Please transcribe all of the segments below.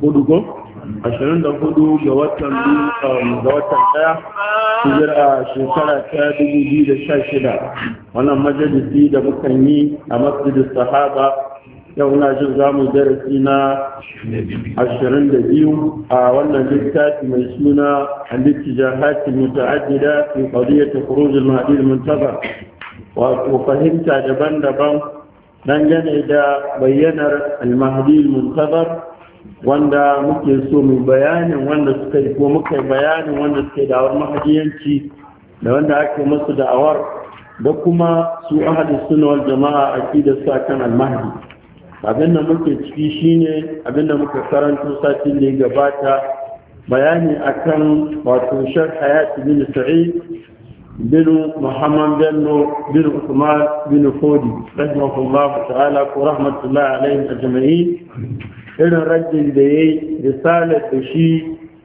hudu ashirin da hudu ga watan biyu um, ga watan daya hijira shekara ta dubu biyu da sha shida wannan majalisi da muka yi a masjidin sahaba yau na jin za mu darasi na ashirin da biyu a wannan littafi mai suna halittijar hati muta'addida fi qadiyyat khuruj al-mahdi al-muntazar wato fahimta daban-daban dangane da bayyanar almahdi muntazar wanda muke so mu bayanin wanda suka yi ko muka bayanin wanda suka yi da'awar mahadiyanci da wanda ake masu da'awar da kuma su ahadin suna wal jama'a a su akan almahdi abin da muke ciki shine abin da muka karanto satin da ya gabata bayani akan wato shar hayati bin sa'id بن محمد بن بن عثمان بن فودي رحمه الله تعالى ورحمة الله عليهم أجمعين إن رجل دي رسالة شي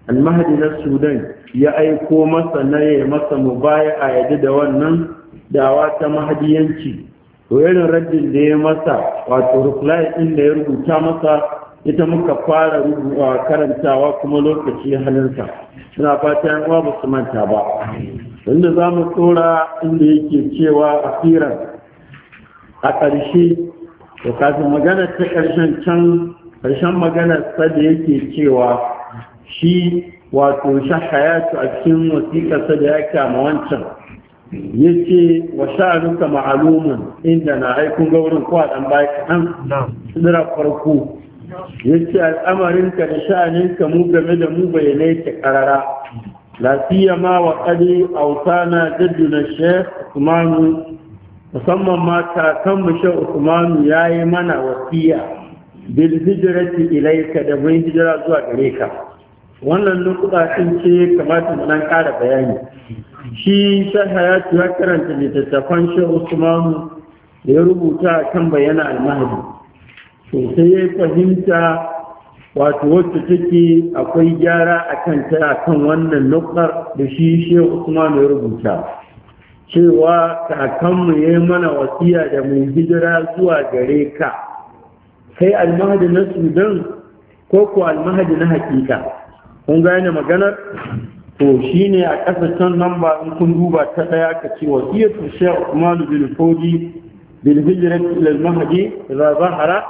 المهدي للسودان يا أي كوما سنية مسا مبايع يدد ونن دعوات مهدي ينشي وإن رجل دي مسا وترقلاء إن يربو كامسا ita muka fara karantawa kuma lokaci halinsa suna fatan uwa ba su manta ba inda za mu tsora inda yake cewa a firar a ƙarshe to kafin magana ta ƙarshen can ƙarshen magana ta da yake cewa shi wato hayatu a cikin ta da ya kama wancan ya ce wa nuka ma'alumin inda na aikun gaurin ko ɗan baya kaɗan sidira farko ya ce al'amarinka da ka mu game da mu bayanai ta ƙarara لا سيما وقد أوصانا جدنا الشيخ عثمان musamman ma kakan mushe Usmanu ya yi mana wasiya bil hijirati ilaika da mun hijira zuwa gare ka wannan nukuda din ce kamata mu dan ƙara bayani shi ta hayatu ya karanta littattafan shi Usmanu da ya rubuta kan al-mahdi. to sai ya fahimta wato wacce take akwai gyara a kan ta kan wannan nukar da shi shi usman ya rubuta cewa kakanmu ya yi mana wasiya da mai hijira zuwa gare ka kai almahadi na sudan ko ko almahadi na hakika kun gane maganar to ne a can nan ba in kun duba ta daya ka ce wasiyar shehu usman bin fodi bil hijrat ilal al mahdi zahara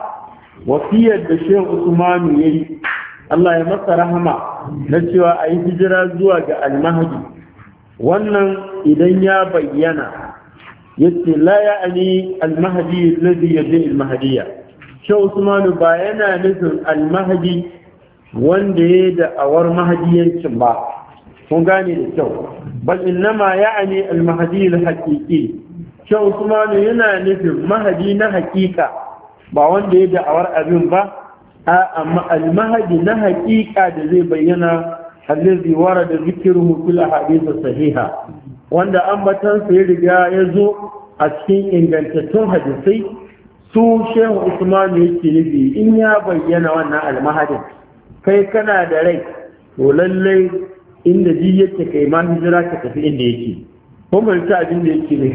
wasiyar da shehu usmanu ya yi allah ya masa rahama na cewa a yi hijira zuwa ga almahadi wannan idan ya bayyana yace la ya ani almahadi alladhi yaji mahdiya shehu usmanu ba yana nufin almahadi wanda ya da awar mahadiyancin ba kun gane da kyau bal innama ya'ani almahadi alhaqiqi shehu usmanu yana nufin mahadi na haƙiƙa ba wanda ya da'awar abin ba a almahadi na haƙiƙa da zai bayyana allazi wara da zikiru fil ahadith sahiha wanda ambatan sai ya riga ya zo a cikin ingantattun hadisai su shehu usman yake nufi in ya bayyana wannan almahadin kai kana da rai to lallai inda ji yake kai ma hijira ka tafi inda yake kun ta abin da yake ne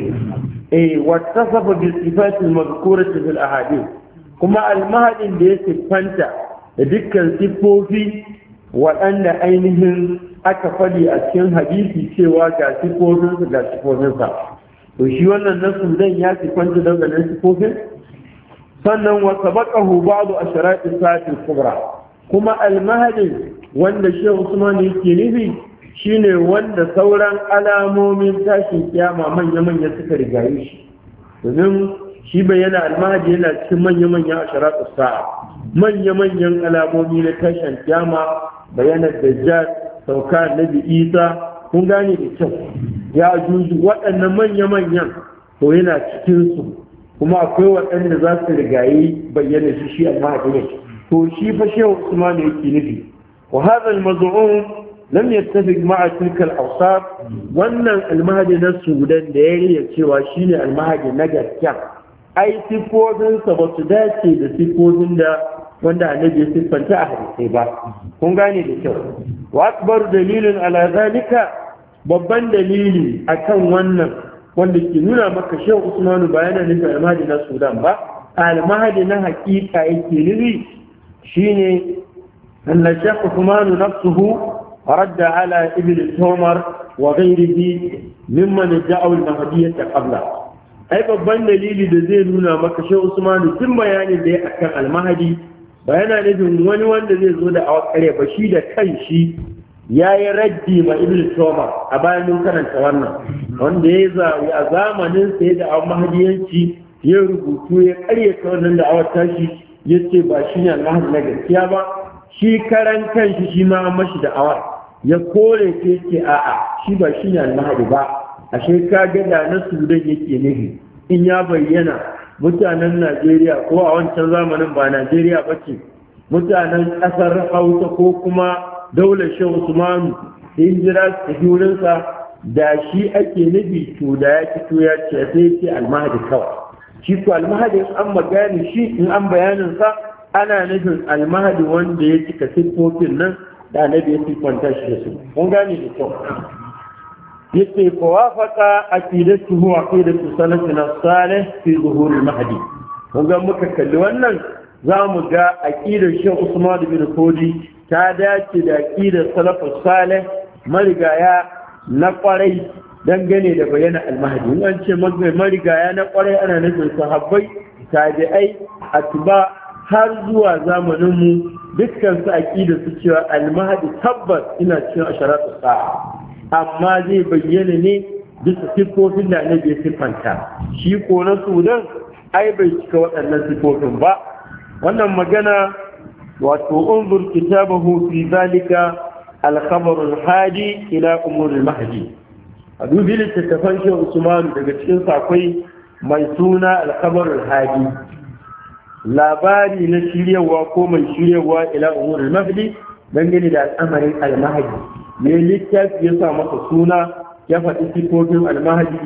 eh wa tasafa bi sifatil mazkurati fil ahadith kuma almahadin da ya siffanta da dukkan siffofi waɗanda ainihin aka faɗi a cikin hadisi cewa ga siffofinsa ga siffofinsa to shi wannan na zan ya siffanta da wannan siffofin sannan wa sabaqahu ba'du asharati sa'ati kubra kuma almahadin wanda shehu usman yake nufi shine wanda sauran alamomin tashin kiyama manya-manya suka rigaye shi domin shi yana almahadi yana cikin manya-manyan asharatu sa'a manya-manyan alamomi na tashin kiyama bayanar jihar sauka na isa kun gane da kyau ya juju waɗannan manya-manyan to yana cikin kuma akwai waɗanda za su rigayi bayyana shi shi almahadi ne to shi fa shehu usman yake nufi wa hadha almaz'um lam yattafiq ma'a tilka al wannan almahadi na sudan da ya cewa shine almahadi na gaskiya ai sifofinsa ba su dace da sifofin da wanda annabi ya siffanta a hadisai ba kun gane da kyau wa akbar dalilin ala zalika babban dalili akan wannan wanda ke nuna maka shehu usmanu ba yana nufin almahadi na sudan ba almahadi na hakika yake nufi shine anna shehu usmanu nafsuhu radda ala ibn umar wa ghayrihi mimman da'aw al-mahdiyyah qabla ai babban dalili da zai nuna maka shi usmanu duk bayanin da ya akan almahadi ba yana nufin wani wanda zai zo da awakare ba shi da kan shi ya yi raddi ma ibn toma a bayan karanta wannan wanda ya zawi a zamanin sai da almahadiyanci ya rubutu ya karyata wannan da awata shi ya ce ba shi ne almahadi na gaskiya ba shi karan kan shi shi ma mashi da awar ya kore ce a'a shi ba shi ne almahadi ba ashe ka ga da na sudan yake nufi in ya bayyana mutanen najeriya ko a wancan zamanin ba najeriya ba ce mutanen ƙasar hausa ko kuma daular shan usmanu jira su jurinsa da shi ake nufi to da ya fito ya ce sai ce almahadi kawai shi ko almahadi an magani shi in an bayanin sa ana nufin almahadi wanda ya cika siffofin nan da annabi ya siffanta shi da su kun gane da kyau yace ko a aqidatuhu wa aqidatu na salih fi zuhur al ga muka kalli wannan za mu ga aqidar shan Usman bin Fodi ta dace da aqidar salafus salih marigaya na kwarai dangane da bayyana al-mahdi in an ce marigaya na kwarai ana nufin sahabbai tabi'ai tuba har zuwa zamanin mu dukkan su aqidar su cewa al tabbas ina cikin asharatu sa'a amma zai bayyana ne bisa siffofin da annabi bai siffanta shi ko na sunan ai bai cika waɗannan siffofin ba wannan magana wato unzur kitabahu fi zalika al-khabar al-hadi ila umur al-mahdi a dubi littattafan shi Usman daga cikin sakwai mai suna al-khabar al-hadi labari na shiryawa ko mai shiryawa ila umur al-mahdi dangane da al'amarin almahadi ne littafi ya sa masa suna ya faɗi sifofin almahadi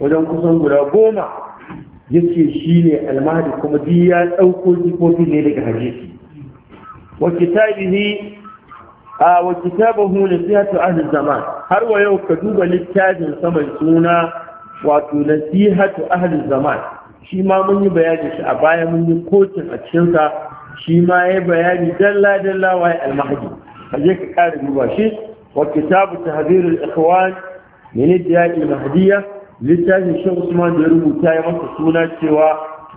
wajen kusan guda goma ya ce shi ne almahadi kuma biyu ya ɗauko sifofin ne daga hadisi wa kitabihi a wa kitabahu nasihatu ahli zaman har wa yau ka duba littafin saman suna wato nasihatu ahli zaman shi ma mun yi bayani shi a baya mun yi kocin a cikinsa shi ma ya bayani dalla dalla wa al-mahdi kaje ka kare duba shi wa kitabu tahdhir al-ikhwan min idda'i al-mahdiyya littafin shi Usman da ya rubuta ya masa suna cewa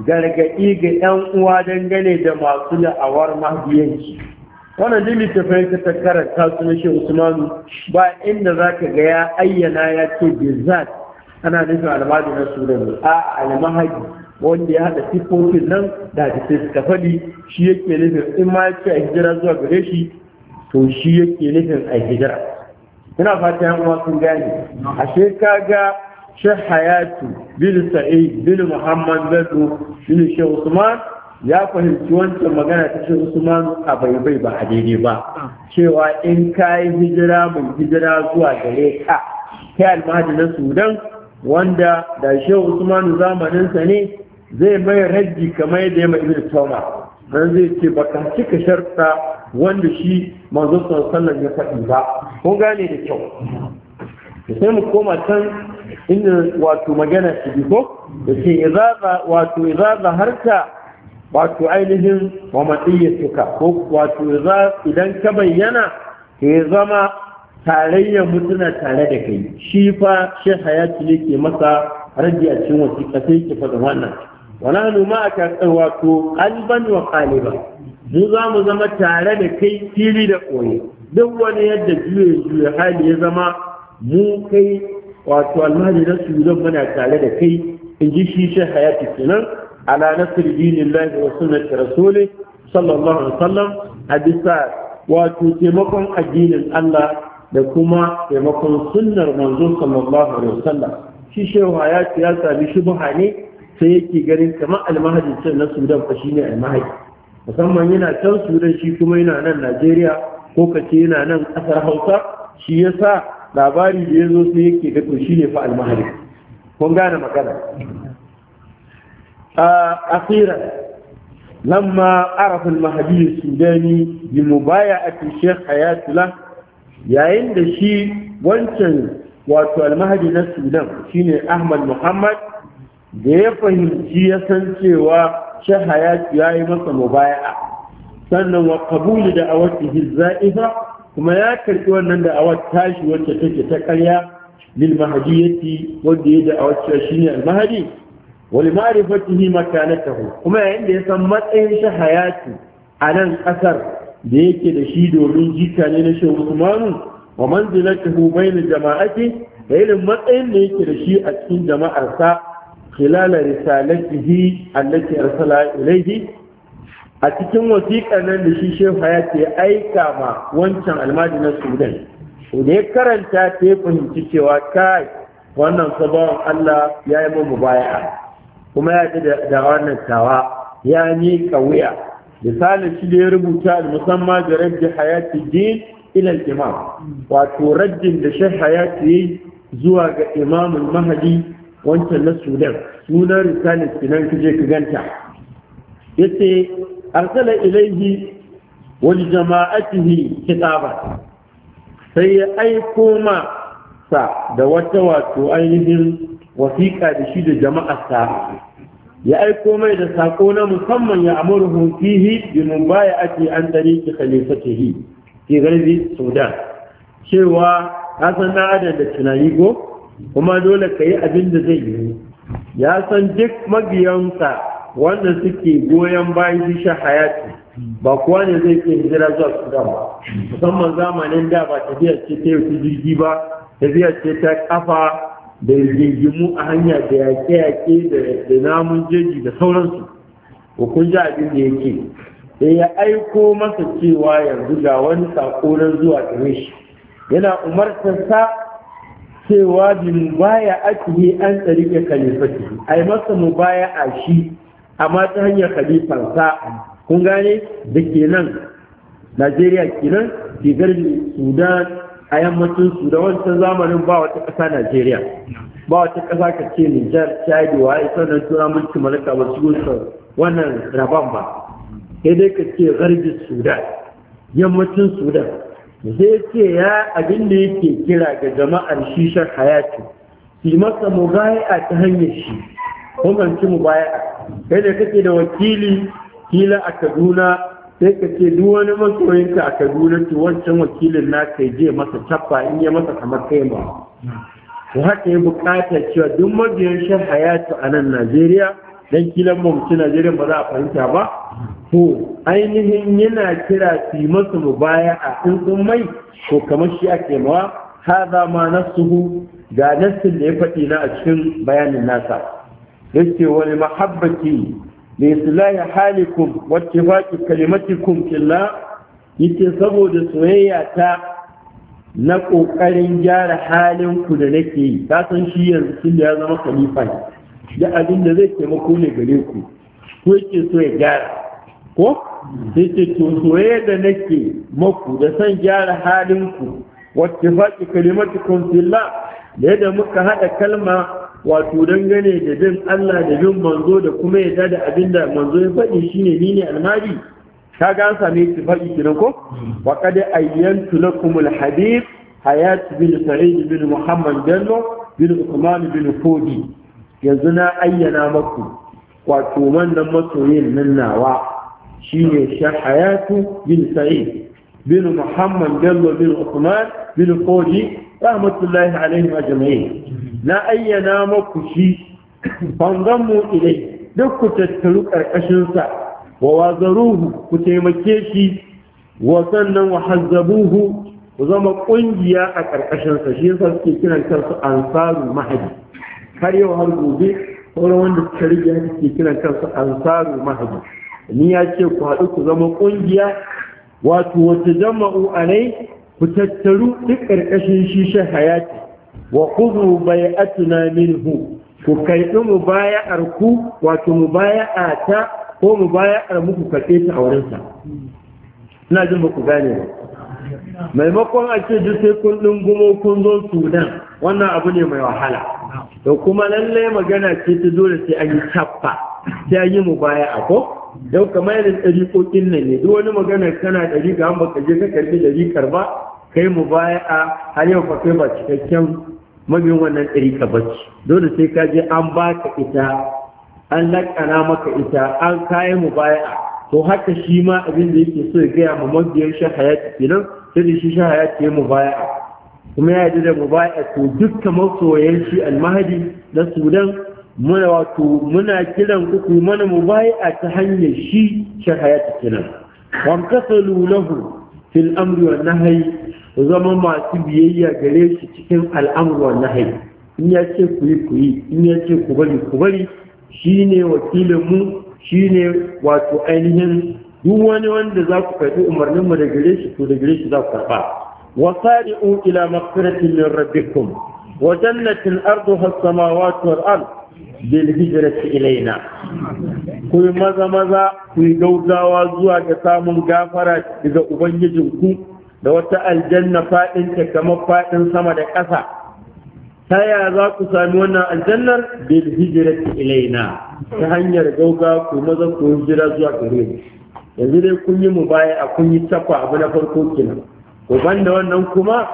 gargaɗi ga 'yan uwa dangane da masu da'awar mahdiyanci wannan duk littafin ta takarar su na shi Usman ba inda zaka ga ya ayyana ya ce bizat ana nufin almadi na sunan a almahadi wanda ya haɗa siffofin nan da hadisai suka faɗi shi yake nufin in ma yake a hijira zuwa gare shi to shi yake nufin a hijira ina fata yan uwa sun gane ashe shekaga shekh hayatu bin sa'id bin muhammad bin shekh usman ya fahimci wancan magana ta shi Usman a bai bai ba a daidai ba cewa in ka yi hijira mai hijira zuwa gare ka kai almahadi na Sudan wanda da shehu Usman zamaninsa ne zai mai ragi kamar yadda ya mai ibn tauna dan zai ce baka cika sharta wanda shi manzo sallallahu ya faɗi ba kun gane da kyau sai mu koma can inda wato magana bi ko da ce izaza wato izaza harta wato ainihin wa matsiyatuka ko wato idan ka bayyana ya zama tarayyar mutuna tare da kai shi fa shi hayati ne ke masa rage a cikin wasiƙa sai ke faɗin wannan wana numa a wato Alban wa kaliba mu za mu zama tare da kai fili da koyi duk wani yadda juye juye hali ya zama mu kai wato na su zan muna tare da kai in ji shi shi hayati kenan ala nasir dinillahi wa sunnati rasulih sallallahu alaihi wasallam a bisa wato taimakon addinin Allah da kuma taimakon sunnar manzo sallallahu alaihi wasallam shi shehu hayati ya sami shubha ne sai yake ganin kamar almahadi can na sudan fa shine almahadi musamman yana can sudan shi kuma yana nan najeriya ko kace yana nan kasar hausa shi yasa labari da ya zo sai yake da to shine fa almahadi kun gane magana a akhiran lamma arafa almahadi sudani bi mubaya'ati shaykh hayatullah yayin da shi wancan wato almahadi na sudan shine ahmad muhammad da ya fahimci ya san cewa shi ya yi masa mubaya sannan wa kabuli da awatihi za'ifa kuma ya karɓi wannan da awat tashi wacce take ta karya lil mahadiyati wanda ya da awat shi ne al mahadi wal ma'rifatihi makanatahu kuma yayin da ya san matsayin shi a nan kasar da yake da shi domin jika ne na shehu Usmanu wa manzilatuhu bayna jama'ati da irin matsayin da yake da shi a cikin jama'arsa خلال رسالته التي أرسلها إليه a cikin wasiƙar nan da shi shefa ya aika ma wancan almaji na sudan da ya karanta ta ya fahimci cewa kai wannan sabon allah ya yi mun baya kuma ya ji da wannan tawa ya miƙa wuya misalin shi da ya rubuta musamman da rabbi hayati din ilal imam wato raddin da shi hayati zuwa ga Imamin mahadi wancan na sudan sunan risalis kinan kaje ka ganta yace arsala ilaihi wal jama'atihi kitaba sai ya aiko ma sa da wata wato ainihin wasiƙa da shi da jama'arsa ya aiko mai da sako na musamman ya amuru fihi bi mubayati an tariqi khalifatihi fi garbi sudan cewa kasan na adam da tunani go kuma dole ka yi abin da zai yi ya san duk mabiyansa wanda suke goyon bayan shi hayati ba kuwa ne zai ke hijira zuwa sudan ba musamman zamanin da ba tafiya ce ta yau jirgi ba tafiya ce ta kafa da rigingimu a hanya da yake yaƙe da namun jeji da sauransu ko kun ji abin da yake da eh, ya aiko masa cewa yanzu ga wani sako zuwa gare yana umartar sa cewa bi ake yi an tsari tsarike a yi masa mu baya a shi a ta hanyar khalifansa kun gane da ke nan Najeriya ke nan ke garbi Sudan a yammacin Sudan wancan zamanin ba wata ƙasa Najeriya ba wata ƙasa ka ce Nijar Chad waye sannan tura mulki malaka ba su wannan rabon ba sai dai ka ce garbi Sudan yammacin Sudan zai ce ya abinda da yake kira ga jama'ar shishar hayati fi masa mubaya'a ta hanyar shi kuma ci mubaya'a kai da kake da wakili kila a kaduna sai ka ce duk wani masoyinka a kaduna to wancan wakilin na kai je masa tappa in ya masa kamar kai ba to haka ya bukata cewa duk mabiyan shan hayatu a nan najeriya dan kilan mu ci Najeriya ba za a fahimta ba to ainihin yana kira fi masu a in sun mai ko kamar shi ake mawa hada ma nasuhu ga nasin da ya faɗi na a cikin bayanin nasa yace wal mahabbati li islahi halikum wa ittifaqi kalimatikum fillah yace saboda soyayya ta na ƙoƙarin gyara halin ku da nake yi ka san shi yanzu tun da ya zama khalifa da abin da zai taimako ne gare ku ko yake so ya gyara ko sai ce to soyayya da nake maku da san gyara halin ku wacce faɗi kalimatukum fillah da yadda muka haɗa kalma wato dangane da bin Allah da bin manzo da kuma yadda da abin da manzo ya faɗi shine ni ne almari ka ga an same shi faɗi kenan ko hmm. wa qad ayyantu lakum alhabib hayat bin sa'id bin muhammad dallo bin usman bin fodi yanzu na ayyana maku wato wannan masoyin nan nawa shine shahayatu bin sa'id bin muhammad bello bin usman bin fodi rahmatullahi wa ajma'in na ayyana maku shi bangan mu duk ku tattaru karkashin wa wazaruhu ku taimake shi wa sannan wa hazzabuhu ku zama kungiya a karkashin shi yasa suke kiran kansu ansarul mahadi. har yau har gobe sauran wanda suka rige haka ke kiran kansu ansaru mahadi ni ya ce ku haɗu ku zama ƙungiya wato wata jama'u alai ku tattaru duk ƙarƙashin shishe hayati wa kuzu bai atuna minhu ku kaiɗi mu baya ku wato mu a ta ko mu a muku kaɗe ta a wurinsa ina jin ba ku gane ba maimakon a ce duk sai kun ɗungumo kun zo sudan wannan abu ne mai wahala da kuma lallai magana ce ta dole sai an yi cappa sai an yi mu baya a ko yau kamar yadda ɗariƙoƙin nan ne duk wani magana kana ɗari ga an baka je ka karbi ɗari karba kai mu baya a har yau ba kai ba cikakken mabin wannan ɗari ka bacci dole sai ka je an baka ita an laƙana maka ita an kayan mu baya a to haka shi ma abin da yake so ya gaya ma mabiyan shahayati kenan sai da shi shahayati ya mu baya a kuma ya yi da mubaya to dukka masoyan shi almahadi na sudan muna wato muna kiran ku ku mana mubaya ta hanyar shi shahayata kiran wa kasalu lahu fil amri wa nahyi zama masu biyayya gare shi cikin al'amri wa nahyi in ya ce ku yi ku yi in ya ce ku bari ku bari shine wakilin mu shine wato ainihin duk wani wanda za ku karɓi umarnin da gare shi to da gare shi za ku karɓa وصارعوا إلى مغفرة من ربكم وجنة أرضها السماوات والأرض بالهجرة إلينا كل ماذا ماذا كل جوزا وزوا جسام غافرة إذا أبنجنكم لو تأل جنة فائن كما فائن سمد أسا سيا ذاك سامونا الجنة بالهجرة إلينا تهنير جوزا كل ماذا كل هجرة زوا كريم yanzu كل kun كل يتفع بنا a uban da wannan kuma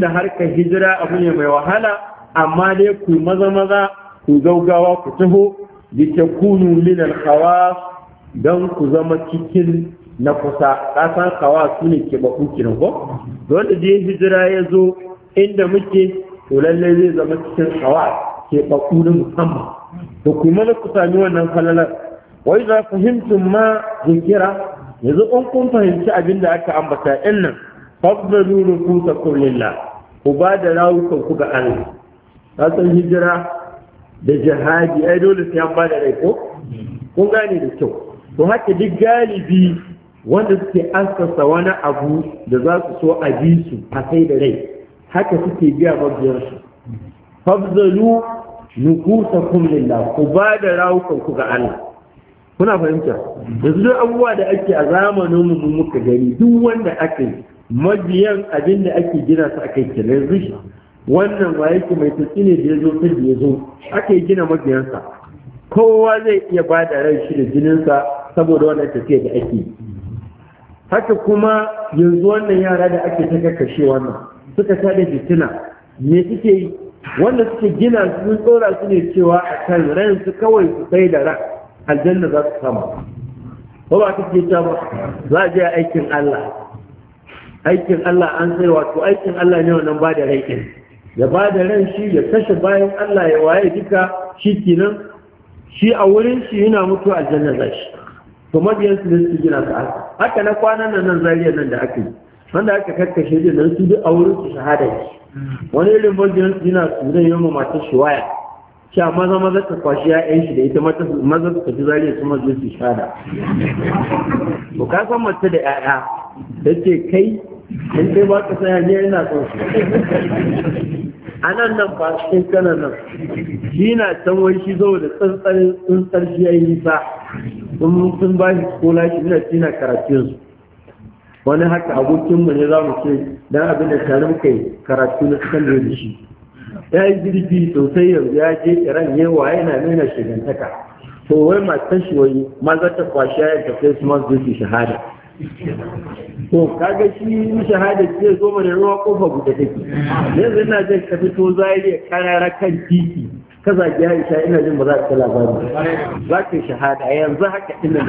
da harkar hijira abu ne mai wahala amma dai ku maza maza ku gaugawa ku taho litakunu kunu al hawa don ku zama cikin na kusa kasan kawa su ne ke baku kinan ko don da hijira ya zo inda muke to zai zama cikin kawa ke baku na musamman to ku mana ku sami wannan falalar wai za fahimtum ma zikira yanzu in kun fahimci abin da aka ambata ɗin nan fabbalu rukusakum lillah ku ba da rawukan ku ga Allah ka san hijira da jihadi ai dole sai an ba da rai ko kun gane da kyau to haka duk galibi wanda suke asasa wani abu da za su so a bi su a sai da rai haka suke biya mabiyarsu fabzalu nukusakum lillah ku ba da rawukan ku ga Allah kuna fahimta yanzu duk abubuwa da ake a zamanin mu muka gani duk wanda ake mabiyan abin da ake gina su akai kenan yanzu wannan ba yake mai tutsi ne da ya zo sai da ya zo ake gina mabiyansa kowa zai iya ba da ran shi da jininsa saboda wannan tafiya da ake haka kuma yanzu wannan yara da ake ta kashe wannan suka tada fitina me suke yi wanda suke gina sun tsora su ne cewa a kan ran su kawai su sai da ran aljanna za su sama ko ba ta ce ta ba za a je aikin Allah aikin Allah an sai wato aikin Allah ne wannan ba da rai ya ba da ran shi ya kashe bayan Allah ya waye duka shi kenan shi a wurin shi yana mutu a jannar zashi to mabiyan su su gina ka haka na kwanan nan nan zariya nan da aka yi wanda aka karkashe din nan su duk a wurin su shahada shi wani irin mabiyan su yana su zai yamma mata shi waya sha maza maza ta kwashi ya'yan shi da ita mata maza su tafi zariya su maza su shahada to ka san mace da 'ya'ya da ke kai in dai ba ka tsaya ne yana ƙunshi a nan nan ba cikin kanan nan shi na can wai shi zo da tsantsarin tsantsar shi ya yi nisa sun ba shi kola shi na shi na su wani haka abokinmu ne za mu ce don abin da tare muka yi karatu na cikin da shi ya yi girbi sosai yanzu ya je iran ya waye na nuna shigantaka to wai matan shi wai maza ta kwashi ya tafi su masu zuci shahada to kaga shi shahada ce zo mana ruwa kofa guda take yanzu ina jin ka fito ya karara kan titi ka zagi Aisha ina jin ba za ka labari za ka shahada yanzu haka ina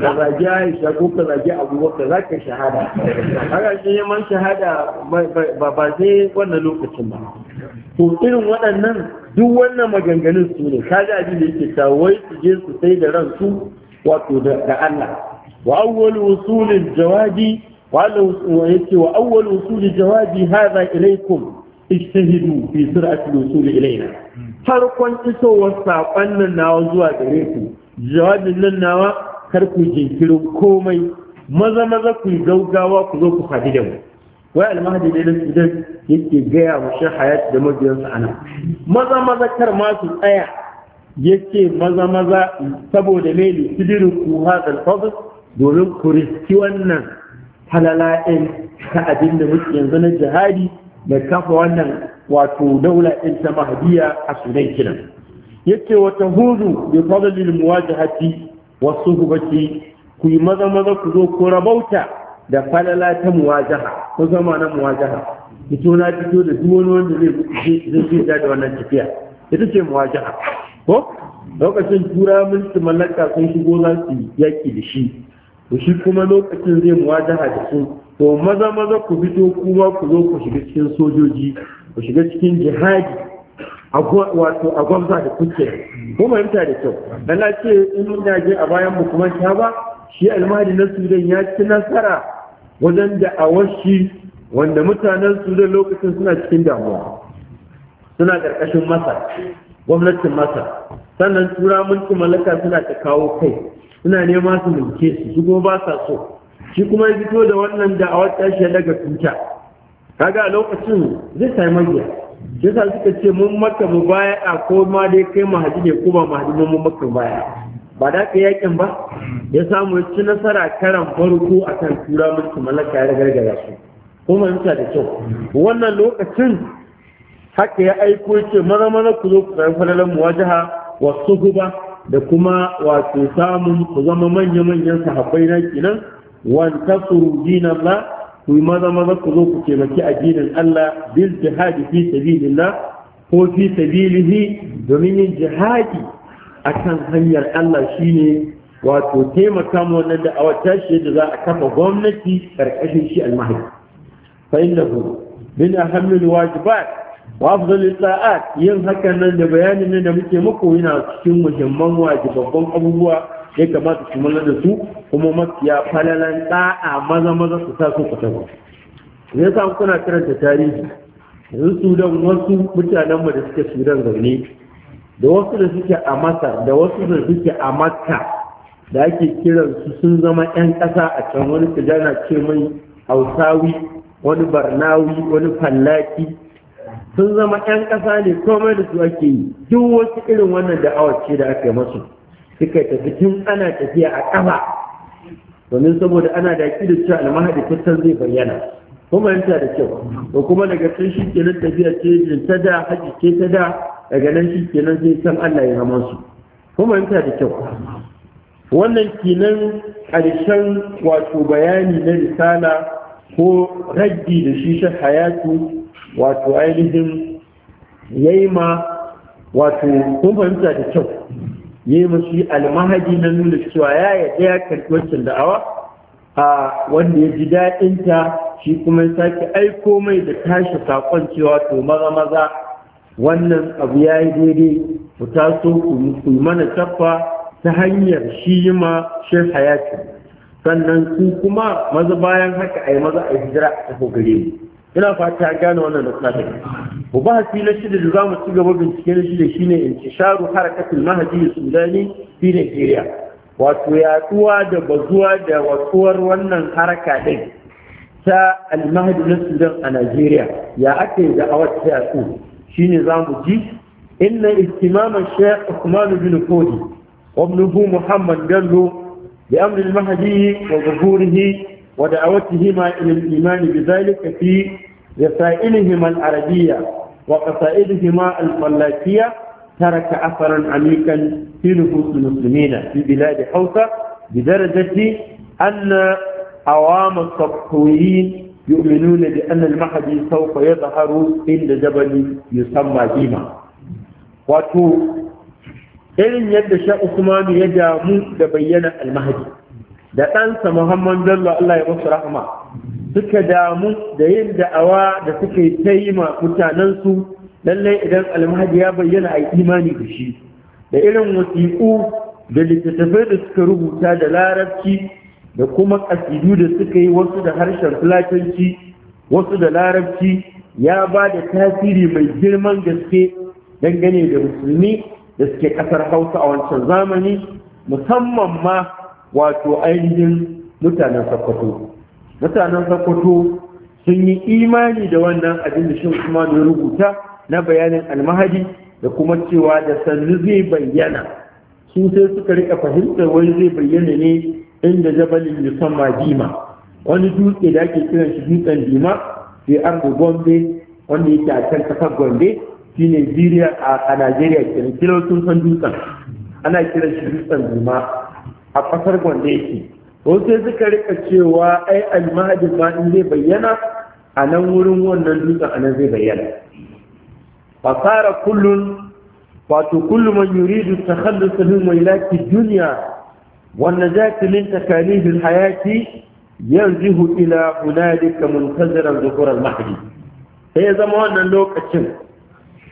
da ka zagi Aisha ko ka zagi Abubakar za ka shahada haka shi man shahada ba ba sai wannan lokacin ba to irin waɗannan duk wannan maganganun su ne kaga abin da yake ta wai su je su sai da ransu wato da Allah wa awwal wusul jawabi wa awwal wusul jawabi hadha ilaykum ijtahidu fi sur'ati wusul ilayna farkon isowar sakon nan nawa zuwa gare ku jawabin nan nawa kar ku jinkirin komai maza maza ku gaugawa ku zo ku fadi da mu wai almahdi ne nan idan yake gaya wa shi hayat da mabiyansa anan maza maza kar ma su tsaya yake maza maza saboda mene sidirin ku hadal fadl domin ku riski wannan halala'in ta abin da muke yanzu na jihadi da kafa wannan wato daula ɗin ta mahadiya a sunan kinan yake wata hudu bi fadlil muwajahati wa suhbati ku yi maza maza ku zo ku rabauta da falala ta muwajaha ko zama na muwajaha fito na fito da duk wani wanda zai zai da wannan tafiya ita ce muwajaha ko lokacin tura su mallaka sun shigo za su yaki da shi shi kuma lokacin zai muwajaha da su to maza maza ku fito kuma ku zo ku shiga cikin sojoji ku shiga cikin jihadi wato a gwamza da kuke ko mahimta da kyau Allah ce in mun je a bayan mu kuma ta ba shi almadi na Sudan ya ci nasara wajen da washi wanda mutanen Sudan lokacin suna cikin damuwa suna ƙarƙashin masa gwamnatin Masar sannan tura mulkin mallaka suna ta kawo kai suna nema su mulke su su ba sa so shi kuma ya fito da wannan da'awar tashi ya daga tuta kaga a lokacin zai sai magiya shi sa suka ce mun maka mu baya a ko ma dai kai mahadi ne ko ba mu haji mun maka baya ba da ka yakin ba ya samu ya ci nasara karan farko akan tura mulki mallaka ya gargara su ko fahimta da kyau wannan lokacin haka ya aiko ce maza maza ku zo ku falalan muwajaha wasu suhuba da kuma wato samun ku zama manya-manyan sahabbai na kenan wan tasuru dinallah ku yi maza maza ku zo ku taimaki addinin Allah bil jihadi fi sabilillah ko fi sabilihi domin yin jihadi akan hanyar Allah shine wato taimaka mu wannan da awata shi da za a kafa gwamnati karkashin shi almahdi fa innahu min ahammil wajibat wa sa'at yin hakan nan da bayanin nan da muke muku yana cikin muhimman wajibabban abubuwa ya kamata su mallar da su kuma mafiya falalan da'a maza maza su sa su kuta ba me yasa kuna karanta tarihi yanzu sudan wasu mutanen mu da suke sudan zaune da wasu da suke a masar da wasu da suke a makka da ake kiran su sun zama yan ƙasa a can wani tijana ce mai hausawi wani barnawi wani fallaki sun zama 'yan ƙasa ne komai da su ake yi duk wasu irin wannan da'awar ce da aka yi masu suka tafi tun ana tafiya a ƙafa domin saboda ana da da cewa almahadi tattan zai bayyana kuma yanta da kyau ko kuma daga can shi kenan tafiya ce ta da haji ce ta da daga nan shi kenan zai san Allah ya hama su kuma yanta da kyau wannan kenan ƙarshen wato bayani na risala ko raddi da shi shi hayatu wato ainihin yayi ma wato kun fahimta da kyau yayi ma shi almahadi na nuna cewa ya yi ya karɓi wancan da'awa a wanda ya ji daɗinta, shi kuma ya sake aiko mai da tashi saƙon cewa to maza maza wannan abu ya yi daidai ku taso ku yi mana tafa ta hanyar shi yi ma shi hayati sannan su kuma maza bayan haka a yi maza a hijira a tafi gare mu ina fata gane wannan da suna daga mu ba hasi na shida da zamu ci gaba bincike na shida shine intisharu harakatul mahdi sudani fi Nigeria wato yaduwa da bazuwa da watsuwar wannan haraka din ta al-mahdi na Sudan a Nigeria ya ake da awar ta yatsu shine zamu ji inna ihtimama Sheikh Usman bin Fodi wa bu Muhammad Bello bi amri al-mahdi wa ودعوتهما إلى الإيمان بذلك في رسائلهما العربية وقصائدهما الفلاكية ترك أثرا عميقا في نفوس المسلمين في بلاد حوثة بدرجة أن عوام الصفويين يؤمنون بأن المهدي سوف يظهر عند جبل يسمى ديما وتو إن يد شاء عثمان يجامو لبيان المهدي da ɗansa Muhammad Bello Allah ya musu rahama suka damu da yin da'awa da suka yi ta yi ma mutanensu lallai idan almahadi ya bayyana a imani da shi da irin wasiƙu da littattafai da suka rubuta da larabci da kuma ƙasidu da suka yi wasu da harshen fulatanci wasu da larabci ya ba da tasiri mai girman gaske dangane da musulmi da suke ƙasar hausa a wancan zamani musamman ma wato ainihin mutanen sakkwato mutanen sakkwato sun yi imani da wannan abin da shi kuma da rubuta na bayanin almahadi da kuma cewa da sannu zai bayyana su sai suka rika fahimtar wani zai bayyana ne inda jabalin yusamma dima wani dutse da ake kiran shi dutsen dima sai argo gombe wanda yake a can kasar gombe shi ne a najeriya kiran kilo sun san dutsen ana kiran shi dutsen dima a ƙasar gwanda yake wasu suka rika cewa ai almahadin ma in zai bayyana a nan wurin wannan dutsen a nan zai bayyana fasara kullun wato kullu man yuridu takhallusa min wailati dunya wa najati min takalif alhayati yanzihu ila hunalika muntazira zuhur almahdi sai ya zama wannan lokacin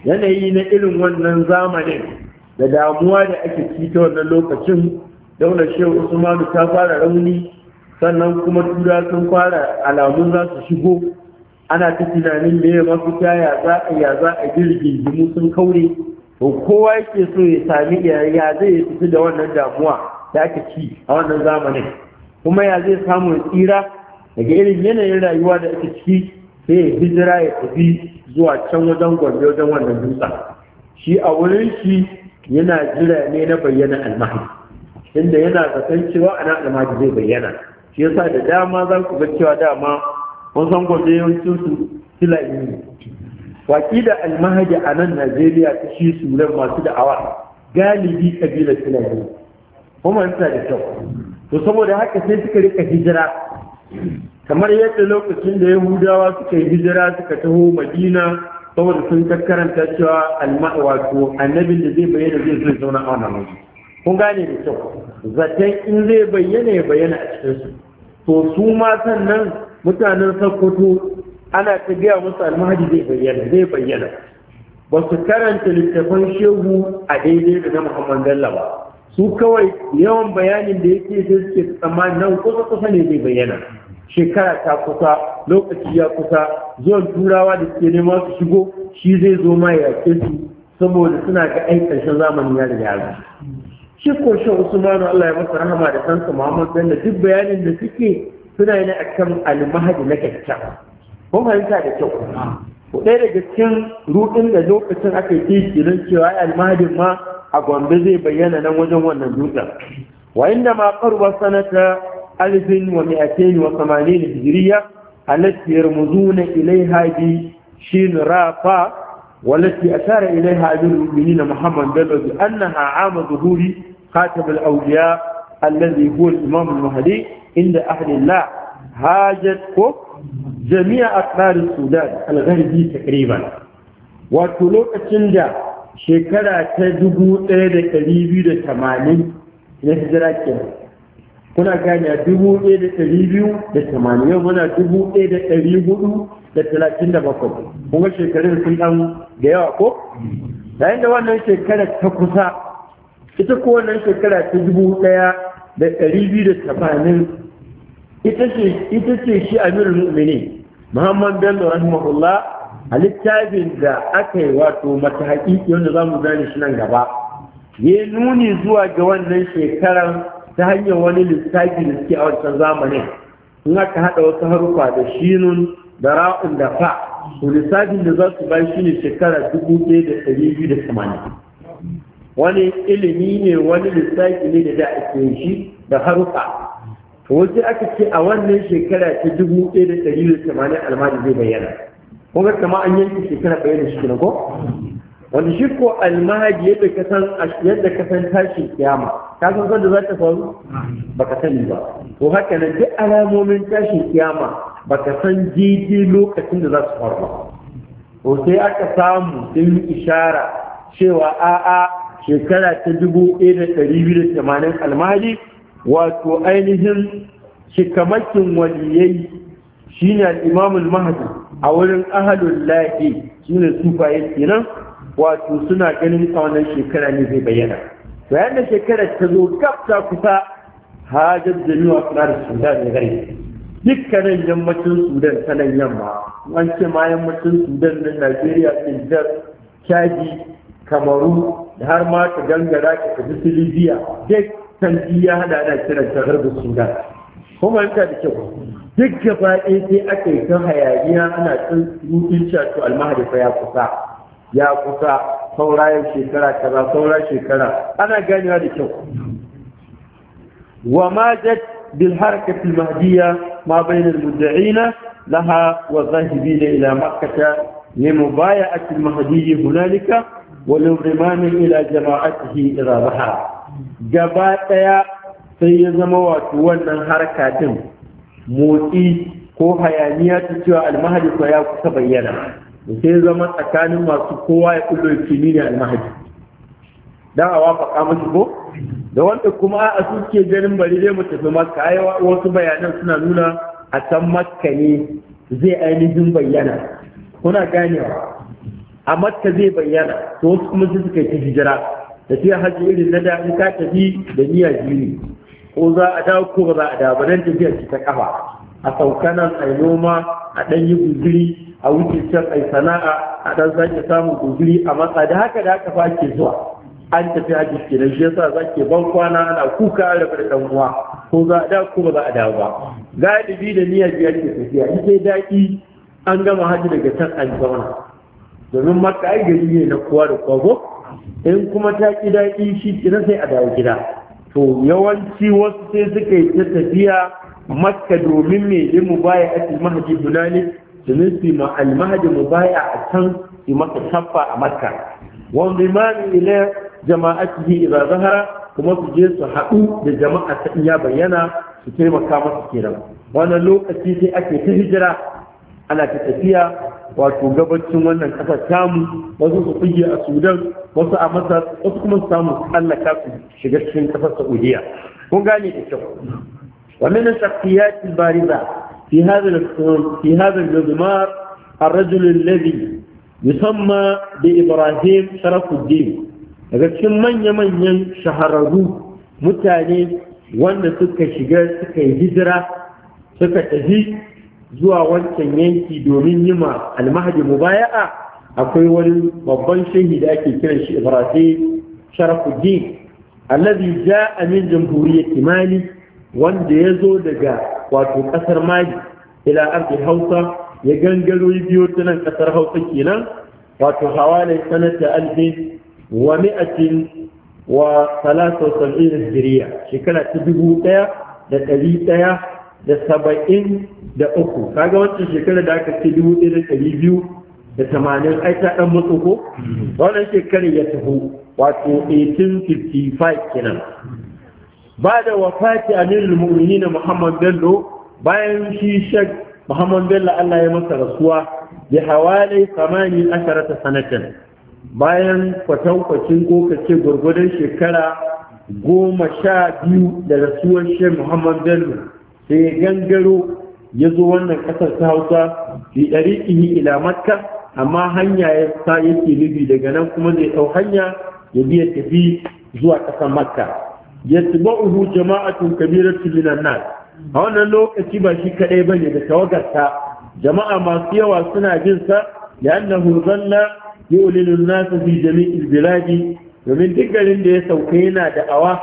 yanayi na irin wannan zamanin da damuwa da ake ci ta wannan lokacin daula shehu usmanu ta fara rauni sannan kuma tura sun fara alamun za su shigo ana ta tunanin me mafita ya za a ya za a jirgin jimu sun kaure to kowa yake so ya sami ya zai fita da wannan damuwa da aka ci a wannan zamanin kuma ya zai samu tsira daga irin yanayin rayuwa da ake ciki sai ya hijira ya tafi zuwa can wajen gwarbe wajen wannan dutsen shi a wurin shi yana jira ne na bayyana almahdi inda yana san cewa ana zai bayyana shi yasa da dama za ku ga cewa dama mun san gobe yawancin su sila ne waki da almahaji a nan najeriya ta shi suran masu da'awa galibi kabilar sila ne kuma da kyau to saboda haka sai suka rika hijira kamar yadda lokacin da yahudawa suka yi hijira suka taho madina saboda sun karanta cewa wato annabin da zai bayyana zai zo zauna a wannan kun gane da kyau zaton in zai bayyana ya bayyana a cikinsu to su ma sannan mutanen sakkwato ana ta gaya musu almahadi zai bayyana zai bayyana ba su karanta littafan shehu a daidai da na muhammad dalla ba su kawai yawan bayanin da yake sai suke tsammani nan kusa kusa ne zai bayyana shekara ta kusa lokaci ya kusa zuwan turawa da suke nema su shigo shi zai zo ma ya su saboda suna ga ai ƙarshen zamani ya riga shi ko shi Usman Allah ya masa rahama da sansa Muhammad dan da duk bayanin da suke suna yi akan almahadi na kyakkyawa kun fahimta da kyau ko ɗaya daga cikin ruɗin da lokacin aka yi kirin cewa almahadin ma a Gombe zai bayyana nan wajen wannan dutsen wa inda ma qarba sanata alifin wa mi'atain wa samanin hijriya allati yarmuzuna ilaiha bi shin rafa والتي أشار إليها أمير المؤمنين محمد بن أنها عام ظهور خاتم الأولياء الذي هو الإمام المهدي عند أهل الله هاجت جميع أقطار السودان الغربي تقريبا وتلوك الشنجة شكرا تدبو إيدا كليبي دا تمانين نهجرا كنا kuna gane dubu ɗaya da ɗari biyu da tamanin yau muna dubu ɗaya da ɗari hudu da talatin da bakwai kuma shekarun sun da yawa ko yayin wannan shekarar ta kusa ita ko wannan shekara ta dubu ɗaya da ɗari biyu da tafanin ita ce shi amirul mu'mini muhammad bello rahimahullah a littafin da aka yi wato mata haƙiƙi wanda za mu gane shi nan gaba ya nuni zuwa ga wannan shekarar ta hanyar wani littafi da suke a wancan zamanin in aka haɗa wasu haruka da shinun da ra'un da fa to lissafin da za su bai shi ne shekara dubu ɗaya da ɗari biyu da tamanin wani ilimi ne wani lissafi ne da da ake shi da haruka to wasu aka ce a wannan shekara ta dubu ɗaya da ɗari da tamanin almajin zai bayyana kuma kama an yanke shekara bayyana shi kenan ko wani shi ko almahaji yadda ka san yadda ka san tashi kiyama ka san sanda za ta faru baka sani ba to haka nan duk alamomin tashin kiyama baka san daidai lokacin da za su faru ba to sai aka samu sun ishara cewa a'a shekara ta 1280 almari wato ainihin shikamakin waliyai shi al-imamul mahadi a wurin Ahl-ul-Lafi, shi ne sufaye kenan wato suna ganin a shekara ne zai bayyana bayan da shekarar ta zo gab ta kusa hajar jami'a suna da sudan ne gari dukkanin yammacin sudan ta nan yamma an ce ma yammacin sudan na najeriya nijar chadi kamaru da har ma ka gangara ka tafi su libya duk sanji hada da kiran ta harbin sudan kuma yanka da kyau duk gaba ɗaya sai aka yi ta hayaniya ana tsuntsun to almahadifa ya kusa ya kusa saurayin shekara kaza saurayin shekara ana ganewa da kyau wa ma jat bil harakati mahdiya ma bainal mud'ina laha wa zahibina ila makkah li mubaya'ati al mahdi hunalika وللرمام Gaba ɗaya sai ظهر zama wato wannan واتوانا حركات motsi ko hayaniya ta cewa almahadi ko ya kusa bayyana sai zama tsakanin masu kowa ya kullo kini ne almahadi dan a wafaka musu ko da wanda kuma a suke ganin bari dai mu tafi makka ai wasu bayanan suna nuna a san makka ne zai ainihin bayyana kuna ganewa a makka zai bayyana to wasu kuma su suka yi ta hijira tafiya hajji irin na da in ka tafi da niyya jini ko za a dawo ko ba za a dawo ba dan tafiya ce ta kafa a sauka nan a noma a ɗan yi guzuri a wuce can ai sana'a a ɗan sake samun guzuri a matsa da haka da haka fake ke zuwa an tafi hajji kenan shi yasa za ke ban kwana ana kuka da uwa ko za a dawo ko ba za a dawo ba galibi da niyya biyar ke tafiya sai daki an gama hajji daga can ai zauna domin maka ai gari ne na kowa da kwago in kuma ta ki daɗi shi kina sai a dawo gida to yawanci wasu sai suka yi ta tafiya makka domin me yi mu baya a mahaji dunani domin su ma almahadi mu baya a can su maka tabba a makka wanda imani ila jama'atihi idza zahara kuma su je su haɗu da jama'a ta iya bayyana su taimaka masa kenan wannan lokaci sai ake ta hijira ana ta tafiya wato gabacin wannan kasa tamu wasu su kuyi a sudan wasu a masar wasu kuma su samu ka su shiga cikin kasar saudiya kun gane da kyau wannan min bariza fi hadha fi hadha al-mizmar ar-rajul alladhi yusamma bi ibrahim sharafuddin daga cikin manya-manyan shahararru mutane wanda suka shiga suka yi hijira suka tafi zuwa wancan yanki domin yi ma almahadi mubaya'a akwai wani babban shehi da ake kiran shi ibrahim sharafuddin allazi ja'a min jamhuriyyati mali wanda ya zo daga wato kasar mali ila ardi hausa ya gangaro ya biyo ta nan kasar hausa kenan wato hawalin sanata alfin wa mi'atin wa salasa wa hijriya shekara ta dubu daya da ɗari daya da saba'in da uku kaga wancan shekarar da aka ce dubu ɗaya da ɗari biyu da tamanin ai ɗan mutu wannan shekarar ya taho wato 1855 kenan ba da wafati amirul na muhammad bello bayan shi shek muhammad bello allah ya masa rasuwa bi hawali samani asharata sanatan bayan kwatankwacin ko kace gurgurdan shekara goma sha biyu da rasuwar shek muhammad bello sai ya gangaro ya zo wannan ƙasar ta hausa fi ɗariƙihi ila makka amma hanya ya sa yake nufi daga nan kuma zai ɗau hanya ya biya tafi zuwa ƙasar makka ya tuba uhu jama'atun kabiratu minan nan a wannan lokaci ba shi kaɗai ba ne da tawagarta. jama'a masu yawa suna jin sa da annahu ya yu'linu nas fi jami'il biladi domin duk garin da ya sauka yana da'awa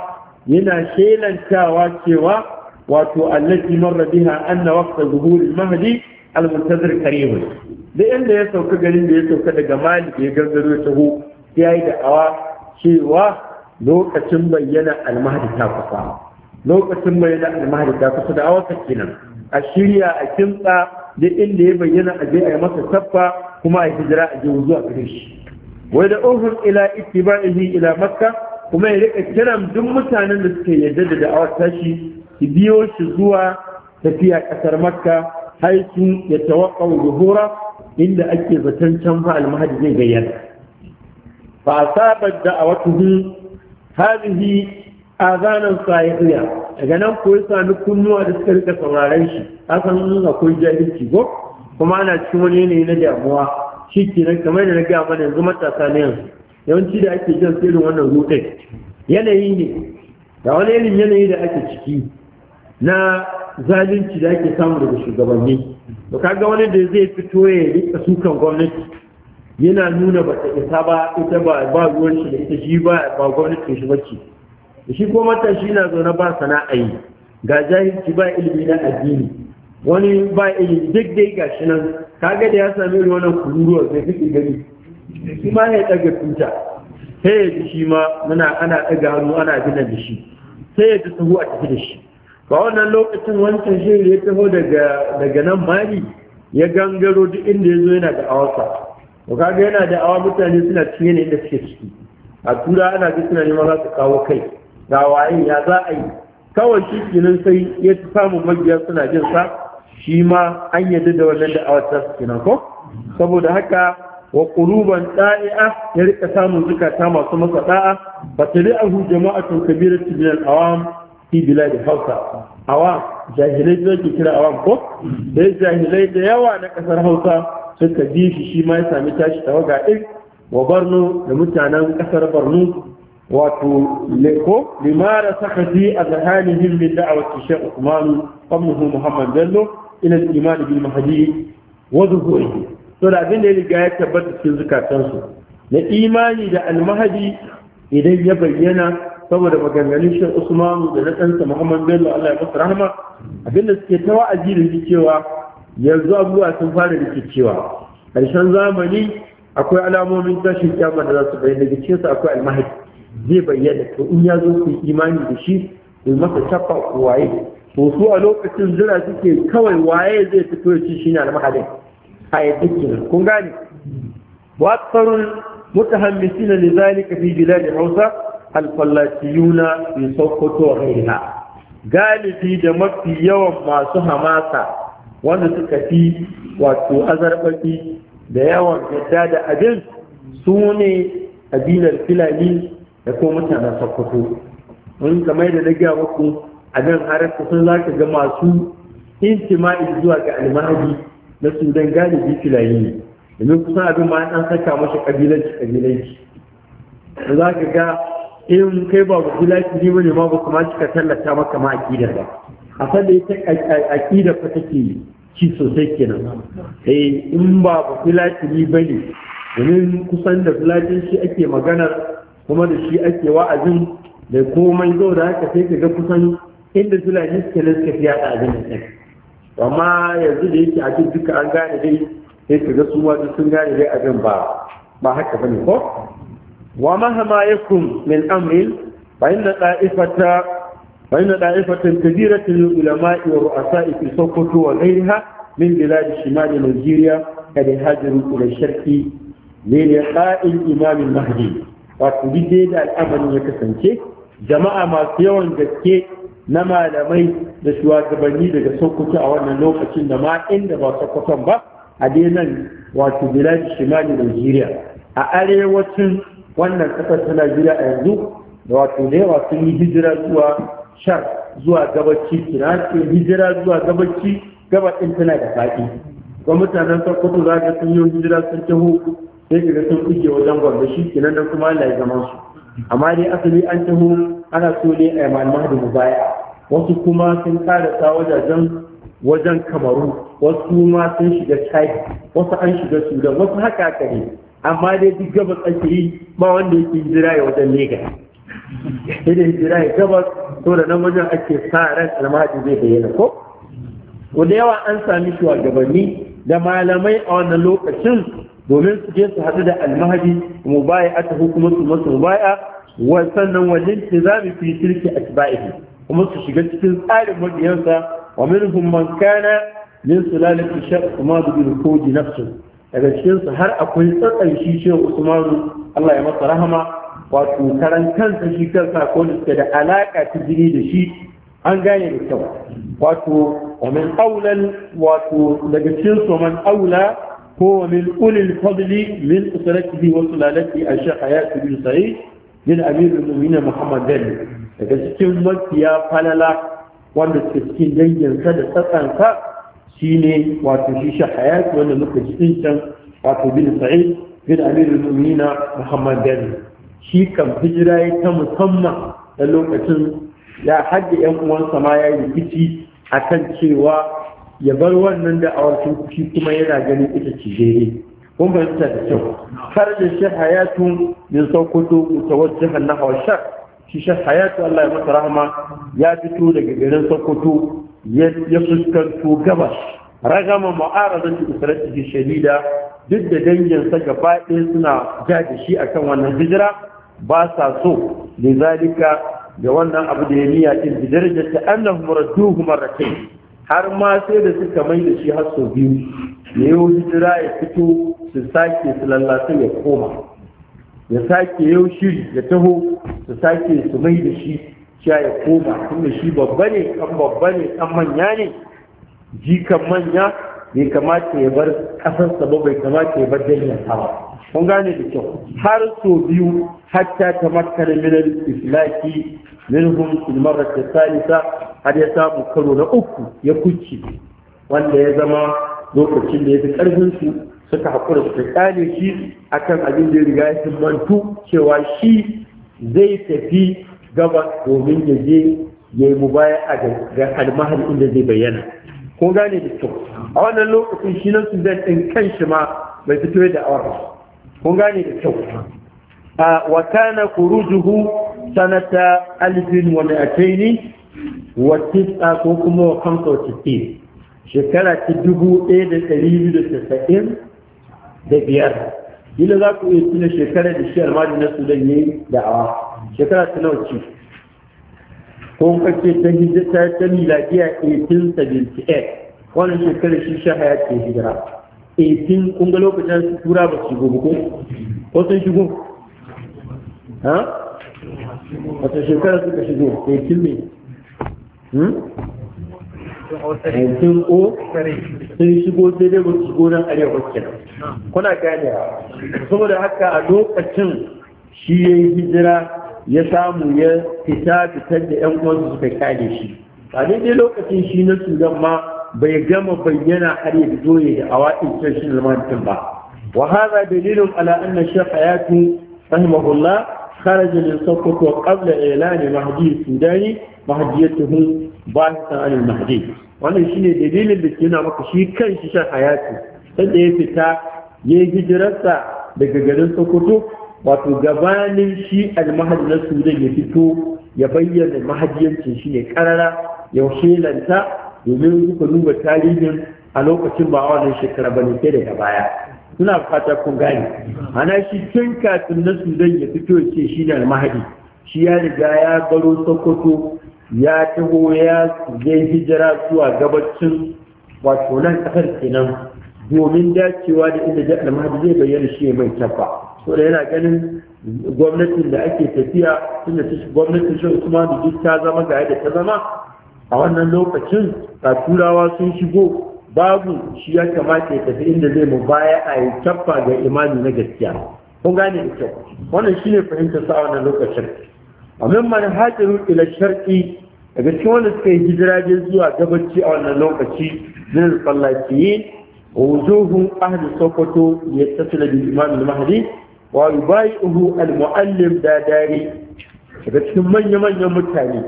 yana shelantawa cewa wato allati marra biha anna waqta zuhuril mahdi al-muntazir karim da inda ya sauka garin da ya sauka daga malik ya gangaro ya taho yayi da awa cewa lokacin bayyana al-mahdi ta kusa lokacin bayyana al-mahdi ta kusa da awa kenan a shirya a kintsa da inda ya bayyana a je a yi masa tabba kuma a hijira a je zuwa gare shi wai da ohun ila ittiba'ihi ila makka kuma ya rika kiran duk mutanen da suke yadda da da'awar tashi ki biyo shi zuwa tafiya ƙasar makka haisu ya tawakka zuhura inda ake zaton can fa almahadi zai gayyana fa asabat da'awatuhu hadihi azanan sayiya daga nan ko ya sami kunnuwa da suka rika sauraron shi asan in akwai jahilci ko kuma ana cikin wani yanayi na damuwa shi kenan kamar da na gaya mana yanzu matasa ne yanzu yawanci da ake jan sirrin wannan rudin yanayi ne da wani yanayi da ake ciki na zalunci da ake samu daga shugabanni to kaga wani da zai fito ya rika sukan gwamnati yana nuna ba ta isa ba ita ba ba ruwan shi da ita shi ba ba gwamnati shi bace shi ko matashi na zaune ba sana'a yi ga jahilci ba ilimi na addini wani ba ilimi duk dai gashi nan kaga da ya sami wannan kururuwa zai fi gani shi ma ya daga tuta sai ya ji shi ma muna ana daga hannu ana gina da shi sai ya ji sahu a tafi da shi ba wannan lokacin wancan shi ya taho daga nan mari ya gangaro duk inda ya zo yana da awasa ba kaga yana da awa mutane suna cin yanayin da suke ciki a tura ana ga suna neman za su kawo kai ga waye ya za a yi kawai shi kenan sai ya samu magiya suna jin sa shi ma an yadda da wannan da awa ta ko saboda haka wa quluban da'i'a ya rika samun zukata masu masa da'a fa tabi'ahu jama'atun kabiratu min al-awam fi biladi hausa awam jahilai da ke kira awam ko dai jahilai da yawa na kasar hausa suka bi shi shi ma ya sami tashi tawaga ɗin wa barno da mutanen kasar barno wato leko limara saka fi a zahanihim himmin da'awati shekh usman qablahu muhammad bello ila al-iman bil mahdi wa zuhurihi So da abin da ya riga ya tabbata cikin zukatansu na imani da al idan ya bayyana saboda maganganun shi Usmanu da na ɗansa Muhammad Bello Allah ya masa rahama abinda suke ta wa'azi da cewa yanzu abubuwa sun fara rikicewa ƙarshen zamani akwai alamomin tashin kyama da za su bayyana da cewa akwai almahadi zai bayyana to in ya zo ku imani da shi ku masa tafa waye to su a lokacin jira suke kawai waye zai fito ya ci shine almahadin a yadda kenan kun gane wa tsarun mutahammisina li fi bilad hausa alfallatiyuna bi sokoto wa galibi da mafi yawan masu hamasa wanda suka fi wato azarbafi da yawan yadda da abin su ne kabilar filani da ko mutanen sokoto Mun kamar da na gaya muku a nan har kusan za ka ga masu intima'i zuwa ga almahadi na sudan galibi filani ne domin kusan abin ma an saka mashi kabilanci kabilanci za ka ga in kai ba gulaki ne bane ma ba kuma kika tallata maka ma akidar ba a san da ita akida fa take ci sosai kenan eh in ba gulaki ne bane domin kusan da gulakin shi ake maganar kuma da shi ake wa'azin da komai zo da haka sai ka ga kusan inda fulani suke nan suka fi yaɗa abin da sai amma yanzu da yake abin duka an gane dai sai ka ga su ma sun gane dai abin ba ba haka bane ko wa mahama yakum min amrin bayna da'ifata bayna da'ifatin kadiratin ulama wa ru'asa fi sokoto wa ghayriha min bilad shimal nigeria kad hajaru ila sharqi min qa'il imam mahdi wa tudide da al'amarin ya kasance jama'a masu yawan gaske na malamai da shugabanni daga sokoto a wannan lokacin da ma inda ba sokoton ba a nan wato bilad shimal Najeriya a arewacin wannan ƙasar ta najeriya a yanzu da wato da yawa sun yi hijira zuwa shar zuwa gabaci kina ce hijira zuwa gabaci gabaɗin tana da faɗi ga mutanen sokoto za ka sun yi hijira sun taho sai ka ga sun kuke wajen gwamna shi kenan nan kuma Allah ya zama su amma dai asali an taho ana so ne a malaman da mubaya wasu kuma sun karasa wajajen wajen kamaru wasu ma sun shiga chad wasu an shiga sudan wasu haka haka ne amma dai duk gabas ake yi ba wanda yake hijira ya wajen Legas sai da hijira ya gabas to da nan wajen ake sa ran almahadi zai bayyana ko wanda yawa an sami shugabanni da malamai a wannan lokacin domin su je su haɗu da almahadi mu baya a ta hukumar su masu baya wa sannan wajen ce za mu fi kirki a tiba'ihi kuma su shiga cikin tsarin mabiyansa wa minhum man kana min sulalati shaq kuma bi kogi nafsu daga cikinsu har akwai tsatsan shi ce usmanu allah ya masa rahama wato karan kansa shi kansa ko da suke da alaƙa ta jini da shi an gane da kyau wato wa min aulan wato daga cikinsu man aula ko wa min ulil fadli min usratihi wa sulalati a shi hayatu bin sa'id bin amirul mu'minin muhammad dali daga cikin mafiya falala wanda suke cikin danginsa da tsatsansa shine wato shi shahayat wanda muka ji din can wato bin sa'id bin amirul mu'minina muhammad bin shi kan hijira ya ta musamman da lokacin ya hajji yan uwansa ma ya yi kici akan cewa ya bar wannan da awakin kuki kuma yana ganin ita ce daidai kun fahimta da kyau har da shi hayatun min sokoto mutawajjihan nahwa shar shi shi hayatu Allah ya masa rahama ya fito daga garin Sokoto ya fuskanto gabas ragama ma'arazan da isra'ili shadida duk da danginsa gaba ɗaya suna ja da shi akan wannan hijira ba sa so zalika da wannan abu da ya niyya da bi ta annahum radduhu marakai har ma sai da suka mai da shi har sau biyu ne yau hijira ya fito su sake su lallata ya koma ya sake yau shiri ya taho su sake su mai da shi ya yi koma tunda shi babba ne kan babba ne kan manya ne jikan manya bai kamata ya bar kasar ba bai kamata ya bar jami'ar ba kun gane da kyau har so biyu hatta ta makara minar islaki minhum ilmarar ta salisa har ya samu karo na uku ya kucce wanda ya zama lokacin da ya fi su suka haƙura su ƙyale shi akan abin da ya riga ya cewa shi zai tafi gaba domin ya je ya yi mubaya a ga almahal inda zai bayyana ko gane da kyau a wannan lokacin shi nan sudan ɗin kan shi ma bai fito da awar ko gane da kyau a wakana kurujuhu sanata alfin wani ataini wa tisa ko kuma wa kamsa wa shekara ta dubu ɗaya da ɗari biyu da tasa'in da biyar ila za ku iya tuna shekarar da shi almajin na sudan ya yi da'awa shekara ta nawa ce ko kace ta hijira ta miladiya 1878 wannan shekara shi sha haya ce hijira 18 kun ga lokacin tura ba su gobe ko ko sun shigo ha wata shekara suka shigo 18 ne Aikin hmm? ko sun shigo sai dai ba su shigo arewa kenan kuna gane saboda haka a lokacin shi ya yi hijira ya samu ya fita fitar da yan uwansu suka kyale shi a daidai lokacin shi na sudan ma bai gama bayyana har ya fito ya da awa intashin lamantin ba wa hada dalilin ala anna shaykh hayatu rahimahullah kharaja min sokoto qabla ilan mahdi sudani mahdiyatuhu bahisan an mahdi wannan shine dalilin da ke maka shi kanshi shaykh hayatu sanda ya fita ya yi hijirarsa daga garin sokoto wato gabanin shi almahadi na sudan ya fito ya bayyana mahajiyancin shi ne karara yau shelanta domin kuka duba tarihin a lokacin ba wannan shekara ba ne sai daga baya suna fata kun gane ana shi tun kafin na sudan ya fito ya ce shi ne almahadi shi ya riga ya baro sokoto ya taho ya zai hijira zuwa gabacin wato nan kasar kenan domin dacewa da inda jihar almahadi zai bayyana shi mai tabba so yana ganin gwamnatin da ake tafiya tunda gwamnatin shi kuma da duk ta zama ga yadda ta zama a wannan lokacin ta turawa sun shigo babu shi ya kamata ya tafi inda zai mu baya a yi kyaffa ga imani na gaskiya kun gane da kyau wannan shi ne fahimtar sa a wannan lokacin a mimman hajjiru ila sharqi daga cikin wanda suka yi hijira je zuwa gabaci a wannan lokaci zai yi wujuhun ahli sokoto ya tattala da mahali. mahadi wa uhu, al-mu'allim da daga cikin manya-manyan mutane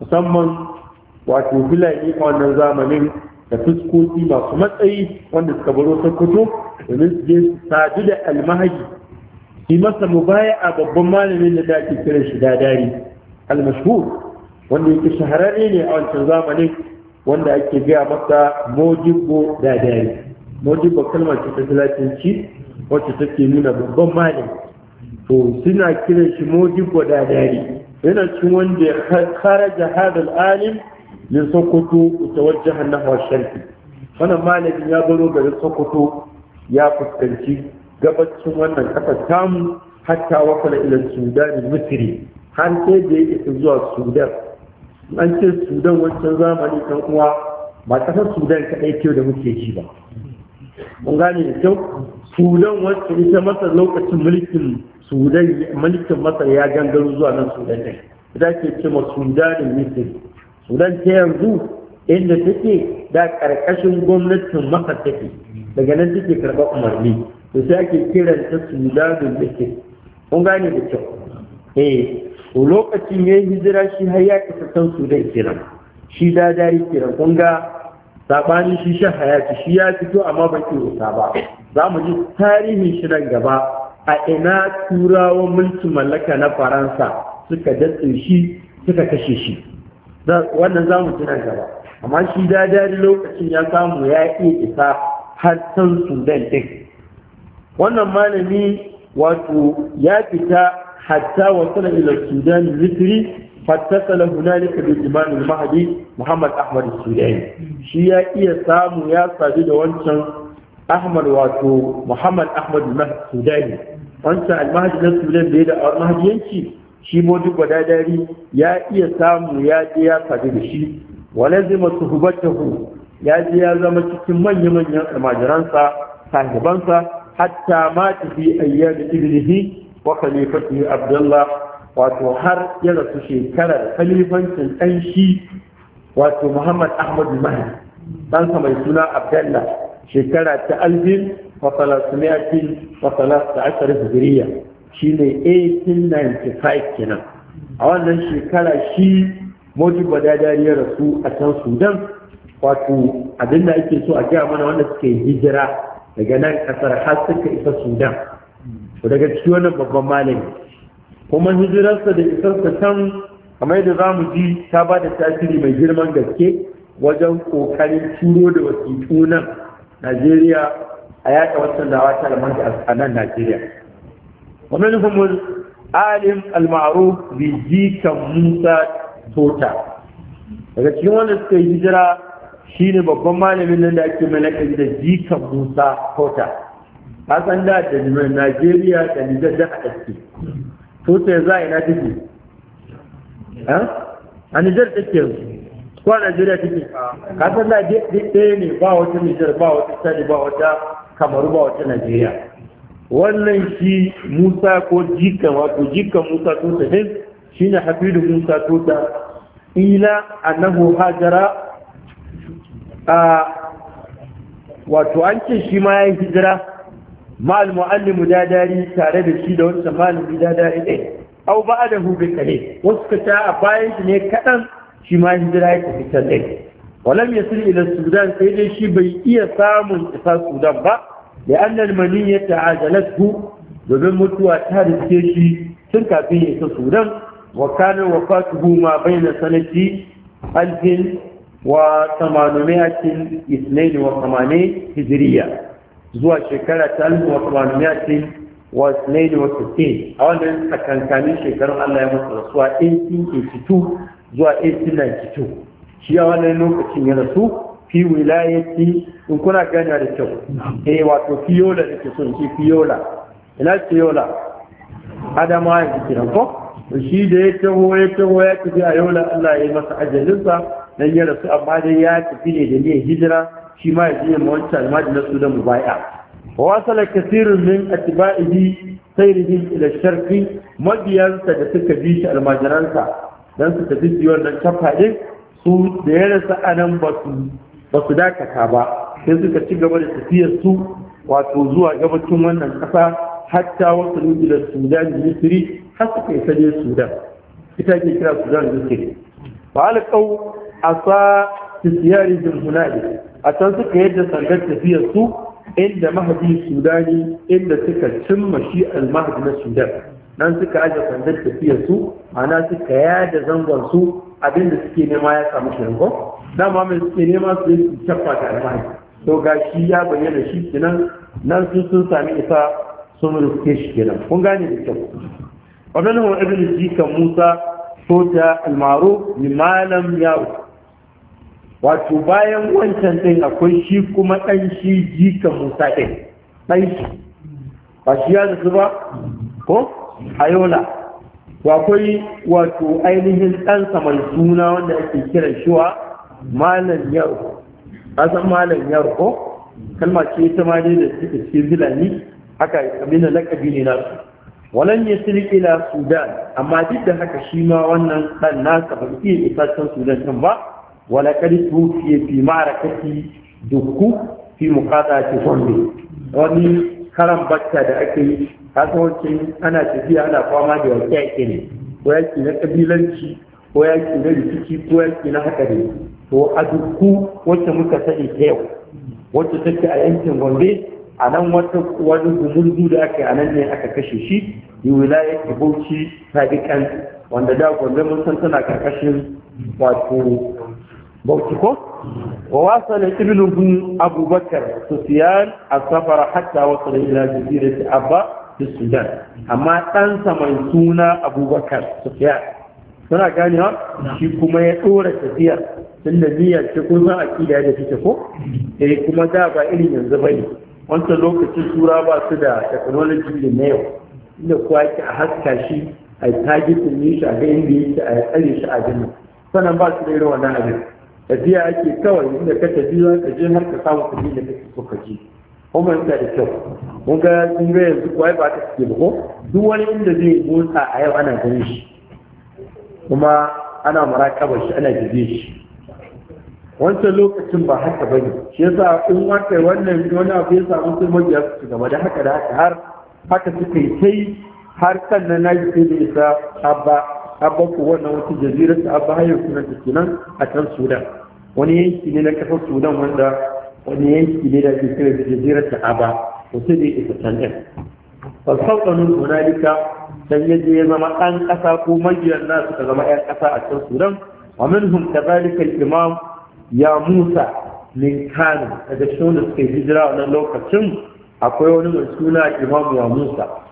musamman wato filani a wannan zamanin da fuskoki masu matsayi wanda suka baro sokoto domin su je sadu da almahaji yi masa a babban malamin da da kiran shi dadari al-mashhur wanda yake shahararre ne a wancan zamanin wanda ake gaya masa mojibbo dadari modibo kalma ce ta filatinci wacce take nuna babban malami to suna kiran shi modibo da dari yana cin wanda ya kara hadal alim min sokoto tawajjaha nahwa sharqi wannan malamin ya baro garin sokoto ya fuskanci gabacin wannan kasa tamu hatta wakala ila sudan misri har sai da ya isa zuwa sudan an ce sudan wancan zamani kan uwa ba kasar sudan kaɗai kyau da muke ji ba mun gane da kyau sudan wacce ita masar lokacin mulkin sudan mulkin masar ya gangaro zuwa nan sudan ne da ke ce ma sudanin misir sudan ta yanzu inda take da karkashin gwamnatin masar take daga nan take karɓar umarni to sai ake kiranta sudanin misir mun gane da kyau eh to lokacin ya yi hijira shi har ya kasa san sudan kiran shi da dari kiran kun ga sabani shi shan hayati shi ya fito amma ki rusa ba za mu ji tarihin shi nan gaba a ina turawan mulkin mallaka na faransa suka datse shi suka kashe shi wannan za mu ji nan gaba amma shi dadari lokacin ya samu ya iya isa har can sudan din wannan malami wato ya fita hatta wasu ila sudan litiri fattasala hunalika bil imam al mahdi muhammad ahmad sudani shi ya iya samu ya sadu da wancan ahmad wato muhammad ahmad al-sudani wancan al-mahdi na sudan da ya da mahdiyanci shi modi gwadadari ya iya samu ya je ya sadu da shi walazima suhbatahu ya je ya zama cikin manya-manyan almajiransa sahibansa hatta ma fi ayyadi ibnihi wa khalifatihi abdullah wato har ya rasu shekarar khalifancin ɗan shi wato muhammad ahmad mahdi ɗansa mai suna abdallah shekara ta alfin wa salasumiyatin wa ashar hijiriya shi ne 1895 kenan a wannan shekara shi mojibu da ya rasu a can sudan wato abinda ake so a gaya mana wanda suke yi hijira daga nan kasar har suka isa sudan daga cikin wannan babban malami kuma hijirarsa da isarsa can kamar da za mu ji ta ba da tasiri mai girman gaske wajen kokarin turo da wasiƙu nan najeriya a yaƙa wasan dawa ta lamar a nan najeriya wani nufin alim almaru jikan musa tota daga cikin wanda suka yi hijira shine babban malamin nan da ake mai laƙari da jikan musa tota kasan da da najeriya da nijar da a ɗaske tutu za a ina take eh? a nijar take yanzu ko a najeriya take kasar na da ne ba wata nijar ba wata sani ba wata kamaru ba wata najeriya wannan shi musa ko jikan wato jikan musa tuta ne? shi ne hafidu musa tuta ila annahu hajara a wato an ce shi ma ya yi hijira mal mu'allimu dadari tare da shi da wancan malami da ɗin au ba da hu bi kare wasu ka ta a bayan shi ne kaɗan shi ma hijira ya tafi can walam yasil ila sudan sai dai shi bai iya samun isa sudan ba da annal mani ya ta'ajalatu domin mutuwa ta riske shi tun kafin ya isa sudan wa kana wafatuhu ma bayna sanati alfin wa 882 hijriya zuwa shekara ta alif wa tsamaniyatin wa tsanaidi wa sittin a wanda yin tsakankanin shekarun Allah ya masa rasuwa 1882 zuwa 1892 shi a wannan lokacin ya rasu fi ci in kuna gani da kyau eh wato fiola da ke son shi fiola ina fiola? adama ya ji kiran ko shi da ya taho ya taho ya tafi a yola Allah ya yi masa ajalinsa dan ya rasu amma dai ya tafi ne da ne hijira shi ma ya je ma wancan na su da mu baya wasala kasirin min atba'ihi sayrihim ila sharqi mabiyansa da suka bi shi almajiransa dan su tafi su wannan tafadin su da ya rasa anan ba su ba su dakata ba sai suka ci gaba da tafiyar su wato zuwa gabacin wannan kasa hatta wasu ila sudan da misri har suka isa ne sudan ita ke kira sudan da misri fa a asa fi siyarihim hunalika a can suka yadda sandar tafiyar su inda mahadi sudani inda suka cimma shi almahadi na sudan nan suka aje sandar tafiyar su ana suka yada zangon su abinda suke nema ya samu shango dama mai suke nema su yi su cafa da almahadi to ga shi ya bayyana shi kenan nan sun sun sami isa sun rufe shi kenan kun gane da kyau wannan ibn jikan musa sota almaru ni malam Yaro. wato bayan wancan ɗin akwai shi kuma ɗan shi jika musa ɗin ɗan shi ba shi ya zasu ba ko ayola to akwai wato ainihin ɗan mai suna wanda ake kiran shi wa malam yaro malam yaro ko kalma ce ta ma da suke cikin zilani haka abinda lakabi ne nasu walan ya siri ila sudan amma duk da haka shi ma wannan ɗan nasa ba iya isa can sudan ɗin ba ولقد توفي في معركة دكو في مقاطعة صنبي wani karan batta da aka yi kasuwancin ana tafiya ana fama da yaƙi yaƙi ne ko yaƙi na ƙabilanci ko yaƙi na rikici ko yaƙi na haɗari to a dukku wacce muka sani ta yau wacce take a yankin gombe a nan wata wani gumurzu da aka a nan ne aka kashe shi yi wilayar bauchi sadiƙan wanda da gombe mun san tana karkashin wato bauchi ko wa wasala ibn abu bakar sufyan as-safara hatta wasala ila jazirati abba fi sudan amma ɗansa mai suna abubakar sufyan suna gane ha shi kuma ya ɗora tafiya. tun da niyyar ce kun san akida da take ko eh kuma da ba irin yanzu bane wancan lokacin tura ba su da technology na yau inda kuwa yake a haska shi a tagitin shi a ga inda yake a tsare shi a jini sannan ba su da irin wannan abin tafiya ake kawai inda ka tafi za ka je har ka samu kuɗi da kake so ka je kuma yana da kyau mun ga sun ga yanzu kuwa ba ta suke ba ko duk wani inda zai motsa a yau ana ganin shi kuma ana marakabar shi ana jibe shi wancan lokacin ba haka ba ne shi yasa in wata wannan wani abu ya samu sai mabiya su ci gaba da haka da haka har haka suka yi sai har sannan na ji sai da isa abba abbaku wannan wata jazirar ta abba hayar sunan ta kenan a can sudan wani yanki ne na kasar sudan wanda wani yanki ne da ke kira da jazira ta abba wata da ita can ɗin fasauƙanin hunalika dan ya ya zama ɗan ƙasa ko magiyar na suka zama ƴan ƙasa a can sudan wa minhum kadhalika al-imam ya musa min kano daga shi wanda hijira a wannan lokacin akwai wani mai suna imam ya musa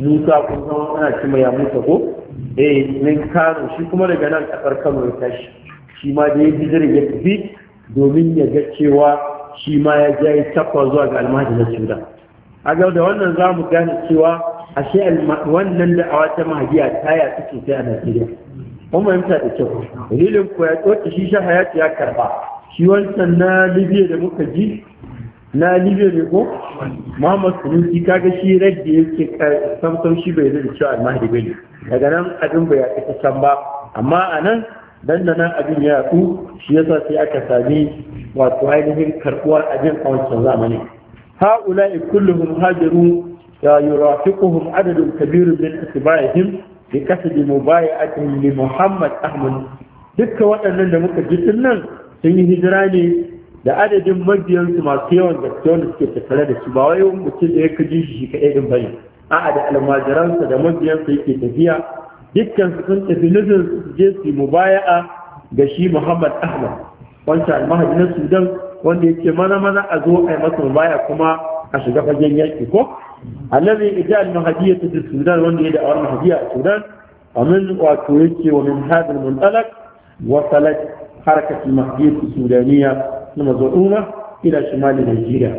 musa kun zama ana cima ya musa ko eh nan kano shi kuma daga nan kasar kano ya tashi shi ma da ya hijira ya tafi domin ya ga cewa shi ma ya ja ya tafa zuwa ga almajin na sudan a ga da wannan za mu gane cewa a shi wannan da a wata mahajiya ta ya ta sosai a najeriya mun fahimta da kyau dalilin ko ya tsoci shi shan ya ya karba shi wancan na libya da muka ji na libya ne ko muhammad sunusi kaga shi ya yake samsam shi bai zai cewa almahdi bai ne daga nan abin bai yaƙi ta can ba amma a nan nan abin ya yaƙu shi yasa sai aka sami wato ainihin karɓuwar abin a wancan zamani ha'ula kulluhum hajaru يرافقهم عدد كبير من اتباعهم بكسب مبايعتهم Muhammad, Ahmad. dukkan waɗannan da muka ji nan sun yi hijira ne da adadin mabiyansu masu yawan gaske wanda suke tattare da su ba wai mutum da ya kaji shi kaɗai ɗin bane a'a da almajiransa da mabiyansa yake tafiya dukkan su sun tafi nufin su je su mubaya'a ga shi Muhammad Ahmad wancan almahadi na Sudan wanda ce mana mana a zo a yi masa mubaya kuma a shiga fagen yaƙi ko allazi ita ya tafi Sudan wanda ya awar mahadiyya a Sudan amin wato yake wa min hadal muntalaq wa harkar mahiyar sudaniya na mazauna ila shimalin najeriya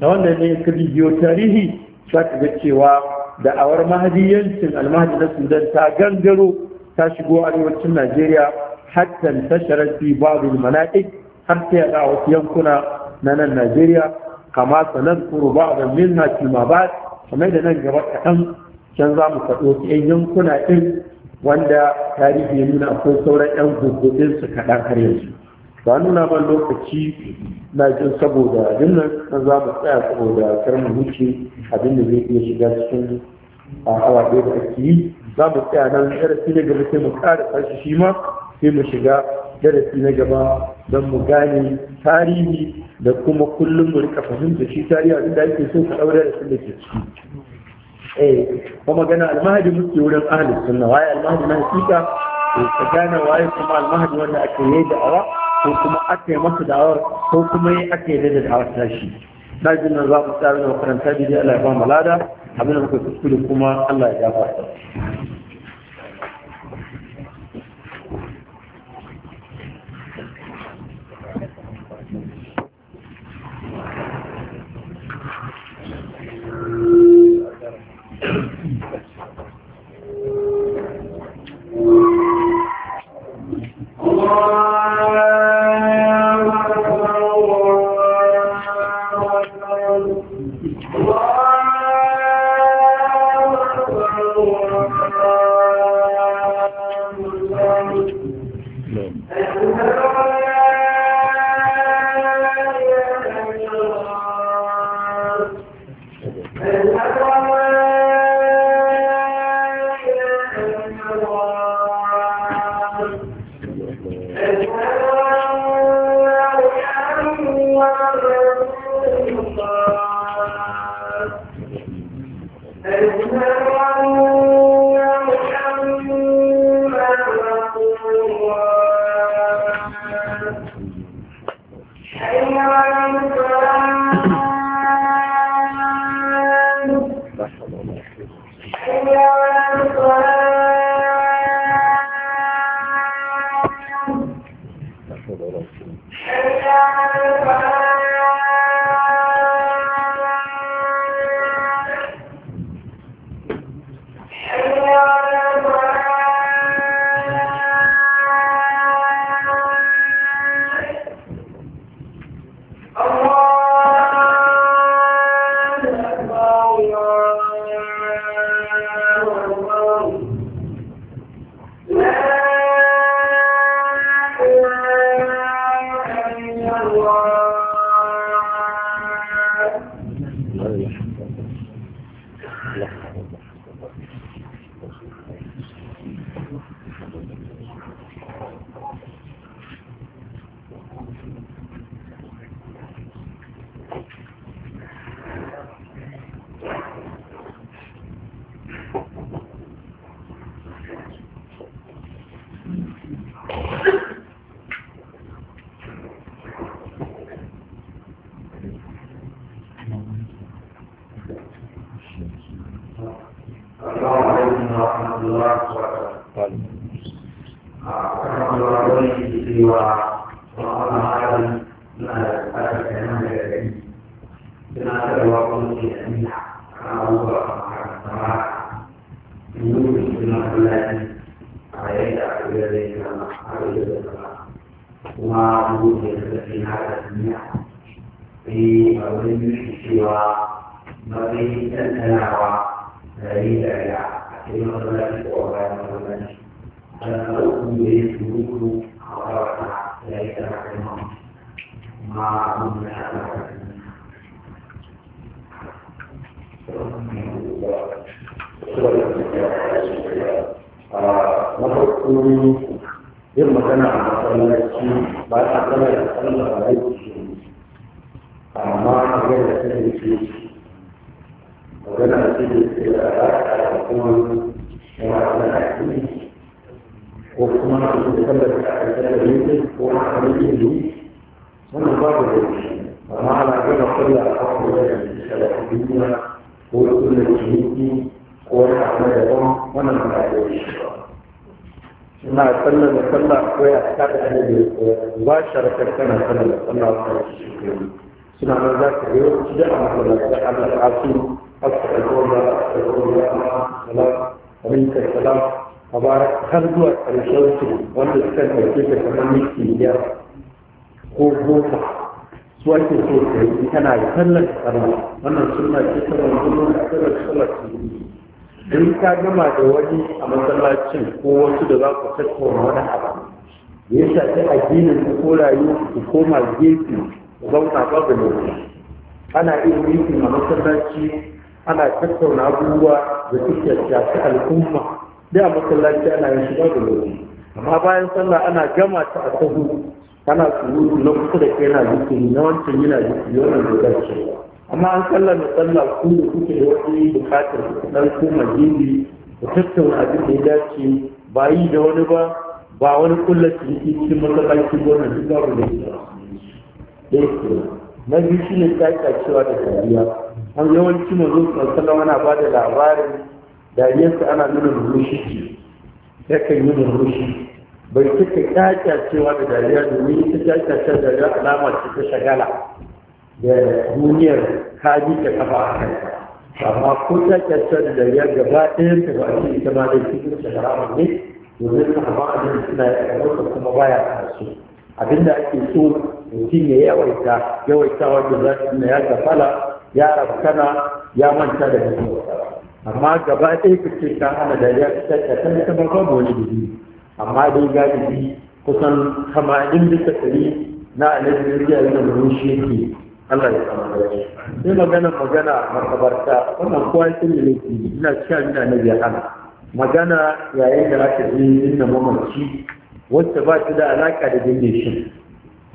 da wanda ne ka bidiyo tarihi za ka ga cewa da'awar mahadiyancin almahadi na sudan ta gangaro ta shigo arewacin najeriya hatta tasharar fi babu manaɗi har sai a wasu yankuna na nan najeriya kama sanar kuru ba da Minna, hakima ba kamar da nan gaba kaɗan can za mu faɗo 'yan yankuna ɗin wanda tarihi ya nuna akwai sauran 'yan gurgudin su kaɗan har yanzu ba nuna ban lokaci na jin saboda dinnan na za mu tsaya saboda karmin wuce abin da zai iya shiga cikin a awa ɗaya da ake yi za mu tsaya nan darasi na gaba sai mu ƙara tashi shi ma sai mu shiga darasi na gaba don mu gane tarihi da kuma kullum mu rika fahimta shi tarihi abin da ake so ka ɗaura da da ke ciki eh kuma magana almahadi muke wurin ahli sunna waye almahadi na hakika eh, ka gane waye kuma almahadi wanda ake yi da awa ko kuma ake masa da'awar ko kuma ake yi da da'awar tashi na jin nan za mu tsara da makaranta biyu Allah ya ba mu lada abin da muka kuskure kuma Allah ya gafarta Thank you. Allah إلينا حاجتنا وما وجد في هذا الدنيا في أولين سوى بقي تنتناوى دليل إلى كلمة الله وغير الله فلنقوم بذكرك خطرتنا ليس معلوم ما أظن هذا kullum yin magana a masallaci ba ta kama da sallah a aiki amma a ga da ta yake magana ce da ke da alaƙa da kuma yana da aiki ko kuma a cikin sallar da aka sallar yake ko a kan yi wannan ba da yake amma ana gina sallah a kan da yake da duniya ko sunan ciniki ko wani abu da kuma wannan ba da yake Ina sallar da sallah akwai ya ta da annabi ba sharakar tana sallar da sallah wa suna nan za ka yi wasu da amfani da Allah ta su da astagfirullah da alaika salam mubarak har zuwa karshen su wanda suka ɗauke ta kamar miki biyar ko goma su ake so ta yi tana sallar sallah wannan suna ce ta manzo da sallar don ka gama da wani a masallacin ko wasu da za ku tattauna wani abu ya shafi addinin ku ko rayuwa ku koma gefe ku zauna babu lokaci ana iya yi a masallaci ana tattauna abubuwa da suke shafi al'umma da a masallaci ana yin shi babu lokaci amma bayan sallah ana gama ta a sahu ana suru na kusa da kai na zikiri na wancan yana zikiri wannan da amma an da sallah ku da kuke da wani bukatar dan ku majini da tattauna abin da ya dace ba yi da wani ba ba wani kullar ciniki cikin masallaci wannan duk babu da ya na biyu shi ne tsaka cewa da dariya an yawanci mazo sallallahu ana ba da labarin dariyarsa ana nuna murmushi ce kan yi murmushi bai cika tsaka cewa da dariya domin ita tsaka cewa da dariya alama ce ta shagala da duniyar ka bi ta kafa a kanta amma ko ta kyautar da ya gaba ɗaya ta ba a ce ita ma dai cikin shahara ne domin ta amma a nan suna yaƙararsa kuma ba ya karsu abinda ake so mutum ya yawaita yawaita wanda za su na ya gafala ya rafkana ya manta da mutum amma gaba ɗaya ka ce ta hana da ya ta ta ta ba babu wani dubi amma dai galibi kusan tamanin bisa ɗari na alaƙar da mun shi yake Allah ya kama da shi sai magana magana makabarta wannan kowa ya sani ne ina cewa ina na biya ana magana yayin da aka yi yin mamaci wacce ba ta da alaka da binne shi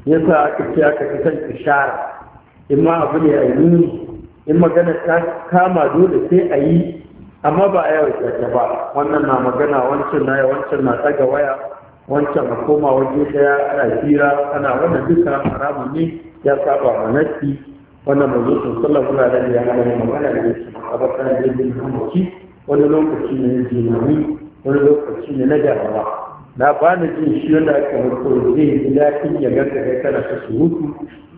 yasa aka ce aka fi kan ishara in ma abu ne a yi in magana ta kama dole sai a yi amma ba a yawaita ta ba wannan na magana wancan na ya wancan na tsaga waya wancan a koma waje daya ana hira ana wannan duka haramun ne ya saba ma nafi wannan manzo sallallahu alaihi wa na ya magana da yake ne abokan jirgin hanci wani lokaci ne jimami wani lokaci ne na jarawa na ba na jin shi wanda aka mutu zai yi lafiya ya ganta kai kana ta surutu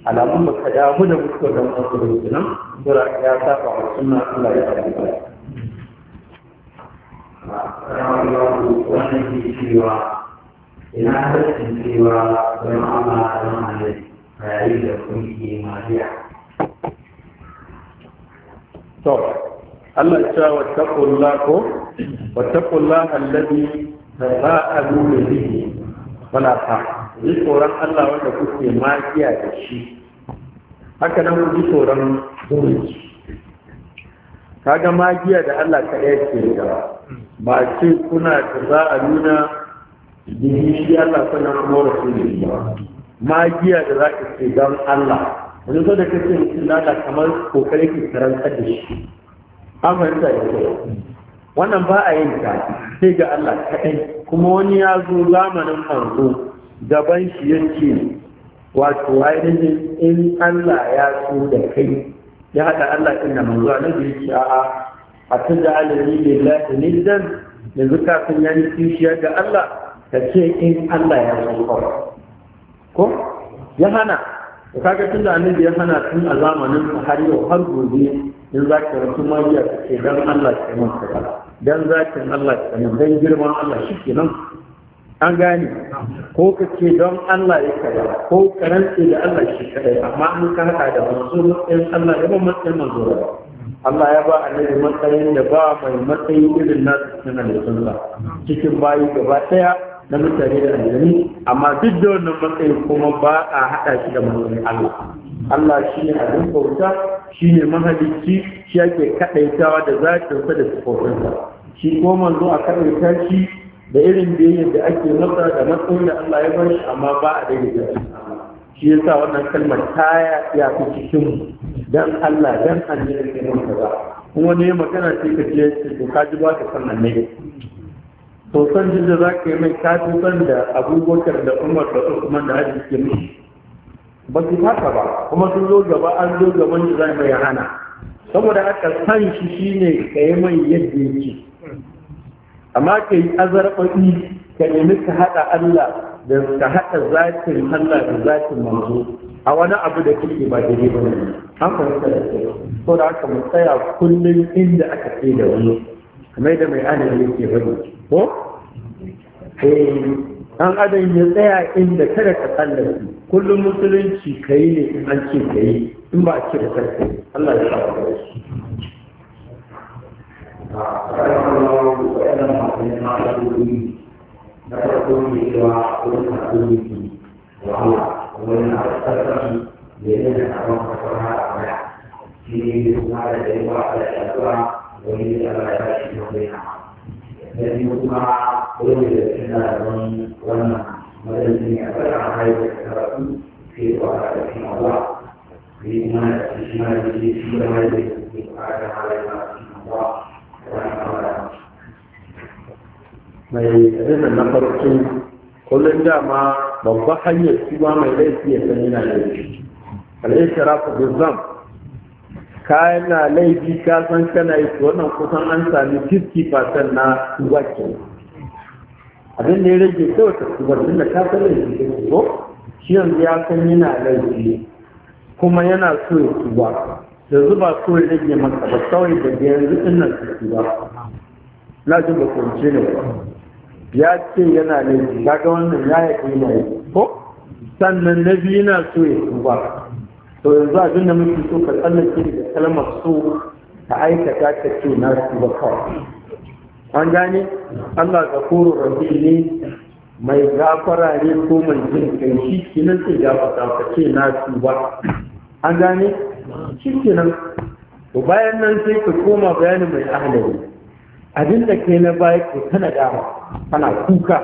alamun ba ka damu da mutuwar da mutu da mutu da sura ya saba wa sunna da ya tabbata ba. ina harshen cewa don Allah don Allah rayu da kunki mariya. To, Allah ya cewa wattaqulla ko wattaqulla allazi tasaalu bihi wala ta. Ji tsoron Allah wanda kuke makiya da shi. Haka nan ku ji tsoron zumunci. Kaga magiya da Allah kaɗai ke da ba ce kuna da za a nuna Jirgin shi Allah sannan kuma rasulullahi magiya da za ka ce don Allah wani so da kake mutum lada kamar kokarin ki karantar da shi an fahimta da kyau wannan ba a yin ta sai ga Allah kaɗai kuma wani ya zo zamanin farko gaban shi ya ce wato ainihin in Allah ya so da kai ya haɗa Allah ɗin inda manzo na da yake a'a a ta da alimi lillahi niddan yanzu kafin ya nufi shi ga Allah ka ce in Allah ya so kawai ko ya hana da kaga tunda annabi ya hana tun a zamanin har yau har gobe in za ka rasu magiya ka ce dan Allah ya yi ba? dan zakin Allah ka yi dan girman Allah shi ke nan, an gane ko ka ce don Allah ya kaza ko ka rantse da Allah shi kadai amma an ka hada da manzo in Allah ya ba matsayin manzo ba Allah ya ba annabi matsayin da ba mai matsayi irin nasu cikin Allah cikin bayi gaba daya na mutane da aljani amma duk da wannan matsayin kuma ba a haɗa shi da mahalin Allah Allah shi ne abin bauta shi ne mahalicci shi ake kaɗaitawa da zaƙinsa da sifofinsa shi ko manzo a kaɗaita shi da irin biyayyar da ake masa da matsayin da Allah ya bar shi amma ba a daidai da shi yasa wannan kalmar ta ya fi cikin dan Allah dan annabi da mun ba kuma ne magana ce ka je ka ji ba ka sannan ne to san jin da za ka yi mai kafin san da abubakar da umar da usman da hajji ke mishi ba su haka ba kuma sun zo gaba an zo gaban da za mai hana saboda haka san shi shine ka yi mai yadda yake amma ka yi azarfaɗi ka nemi ka haɗa Allah da ka haɗa zatin Allah da zatin manzo a wani abu da kake ba daidai ba ne an fahimta da ke so da haka mu tsaya kullum inda aka ce da wani kamar da mai adalci yake bari ko an adam ya tsaya inda kada ka tsallake kullum musulunci ka yi ne in an ce ka yi in ba a ce da sarki Allah ya shafa da shi na farko ne cewa wani haɗu ne wahala wani na tsarki da yana da abin a baya shi ne kuma da yawa da wani da na na الذي وقع وجد خلاف ونعم والذي فرع هذا الخلاف في وقع رحمه الله في ما اجماله في هذه وقع عليها رحمه الله mai irin na farko kullum dama babban hanyar shi ba mai laifi ya san yana laifi al'ishirafu bizam na laifi kasan san kana yi wannan kusan an sami fasar na tuba abin da ya rage kawai ta tuba tun da ka da laifi ke shi yanzu ya san yana laifi kuma yana so ya tuba da zuba so ya rage maka ba kawai da yanzu din nan su tuba na ji ba kwanci ne ya ce yana laifi kaga wannan ya yi ko sannan na biyu yana so ya tuba to yanzu abin da muke so ka tsallake da kalmar so ta aikata ta ce na su ba kawai an gane Allah ga koro rabi ne mai gafara ne ko mai jin kai shi nan sai gafata ka ce na su ba an gane shi nan, to bayan nan sai ka koma bayanin mai ahalari abin da na baya ko tana dama kana kuka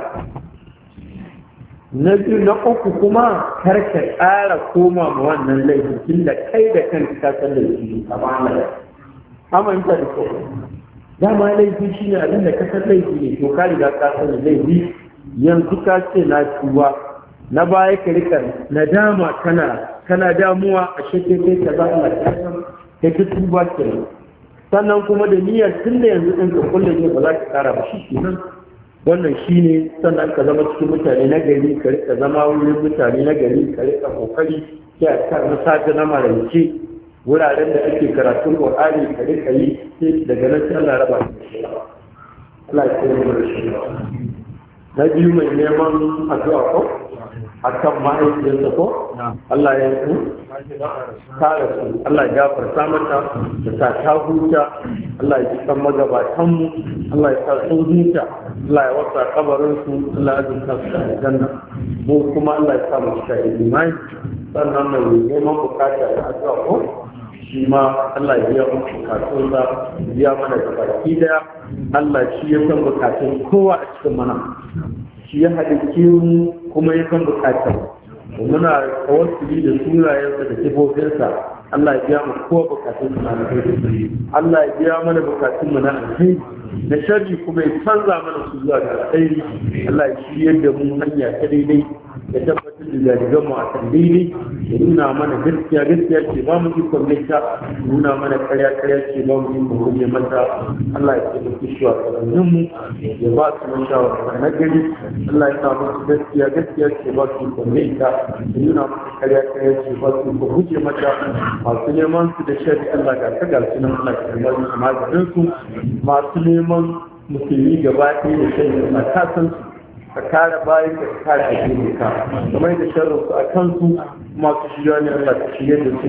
na biyu na uku kuma kar ka tsara koma ma wannan laifin tunda kai da kan ka san da shi amana amma ta da ko dama laifi ne abin da ka san laifi ne to ka riga ka san laifi yanzu ka ce na tuwa na baya ka rika nadama kana kana damuwa a shekai kai ka za Allah ka san kai tuba ke sannan kuma da niyyar da yanzu ɗin ka kulle ne ba za ka kara ba shi kenan wannan shi ne sannan ka zama cikin mutane na gari ka rika zama wurin mutane na gari ka rika kokari ya ka na sata na marance wuraren da ake karatun qur'ani ka rika yi sai daga nan sai Allah raba shi Allah ya mu da shi na biyu mai neman addu'a ko akan mahaifiyarsa ko Allah ya ku tare su Allah ya gafarta mata da sa ta huta Allah ya san magabatan mu Allah ya sa sun huta Allah ya wasa kabarin su Allah ya zuka su da janna mu kuma Allah ya sa mu shi imani sannan mai neman bukata da addu'a ko shi ma Allah ya biya muku bukatun Ya mana da baki da Allah shi ya san bukatun kowa a cikin mana shi ya halicce mu kuma ya san bukatar muna tawassuli da sunayensa da sifofinsa Allah ya biya mu kowa buƙatun mu na alheri Allah ya biya mana buƙatun mu na alheri da sharri kuma ya canza mana su zuwa da alheri Allah ya shirya da mu hanya ta daidai da tabbatar jigajigan mu a tambayi daidai ya nuna mana gaskiya gaskiya ce ba mu ikon gaskiya nuna mana karya karya ce ba mu ikon gobe mata Allah ya shi taimaki shugabannin mu ya ba su mun shawara na gari Allah ya sa musu gaskiya gaskiya ce ba su ikon gaskiya ya nuna mana karya karya ce ba su ikon gobe mata masu neman su da shari Allah ga ta gasu nan Allah ya taimaki maganin su masu neman musulmi gaba ɗaya da shari Allah ta san su ka kare bayan da ka kare addini ka kamar da sharrin su a kansu masu shiga ne Allah ta shige da su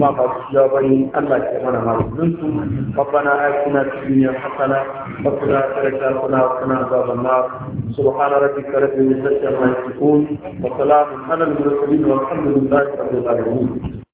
ma masu shiga bane Allah ta mana maganin su rabbana atina fid dunya hasana wa qina adhaban nar wa qina adhaban nar subhana rabbika rabbil izzati amma yasifun wa salamun ala al mursalin walhamdulillahi rabbil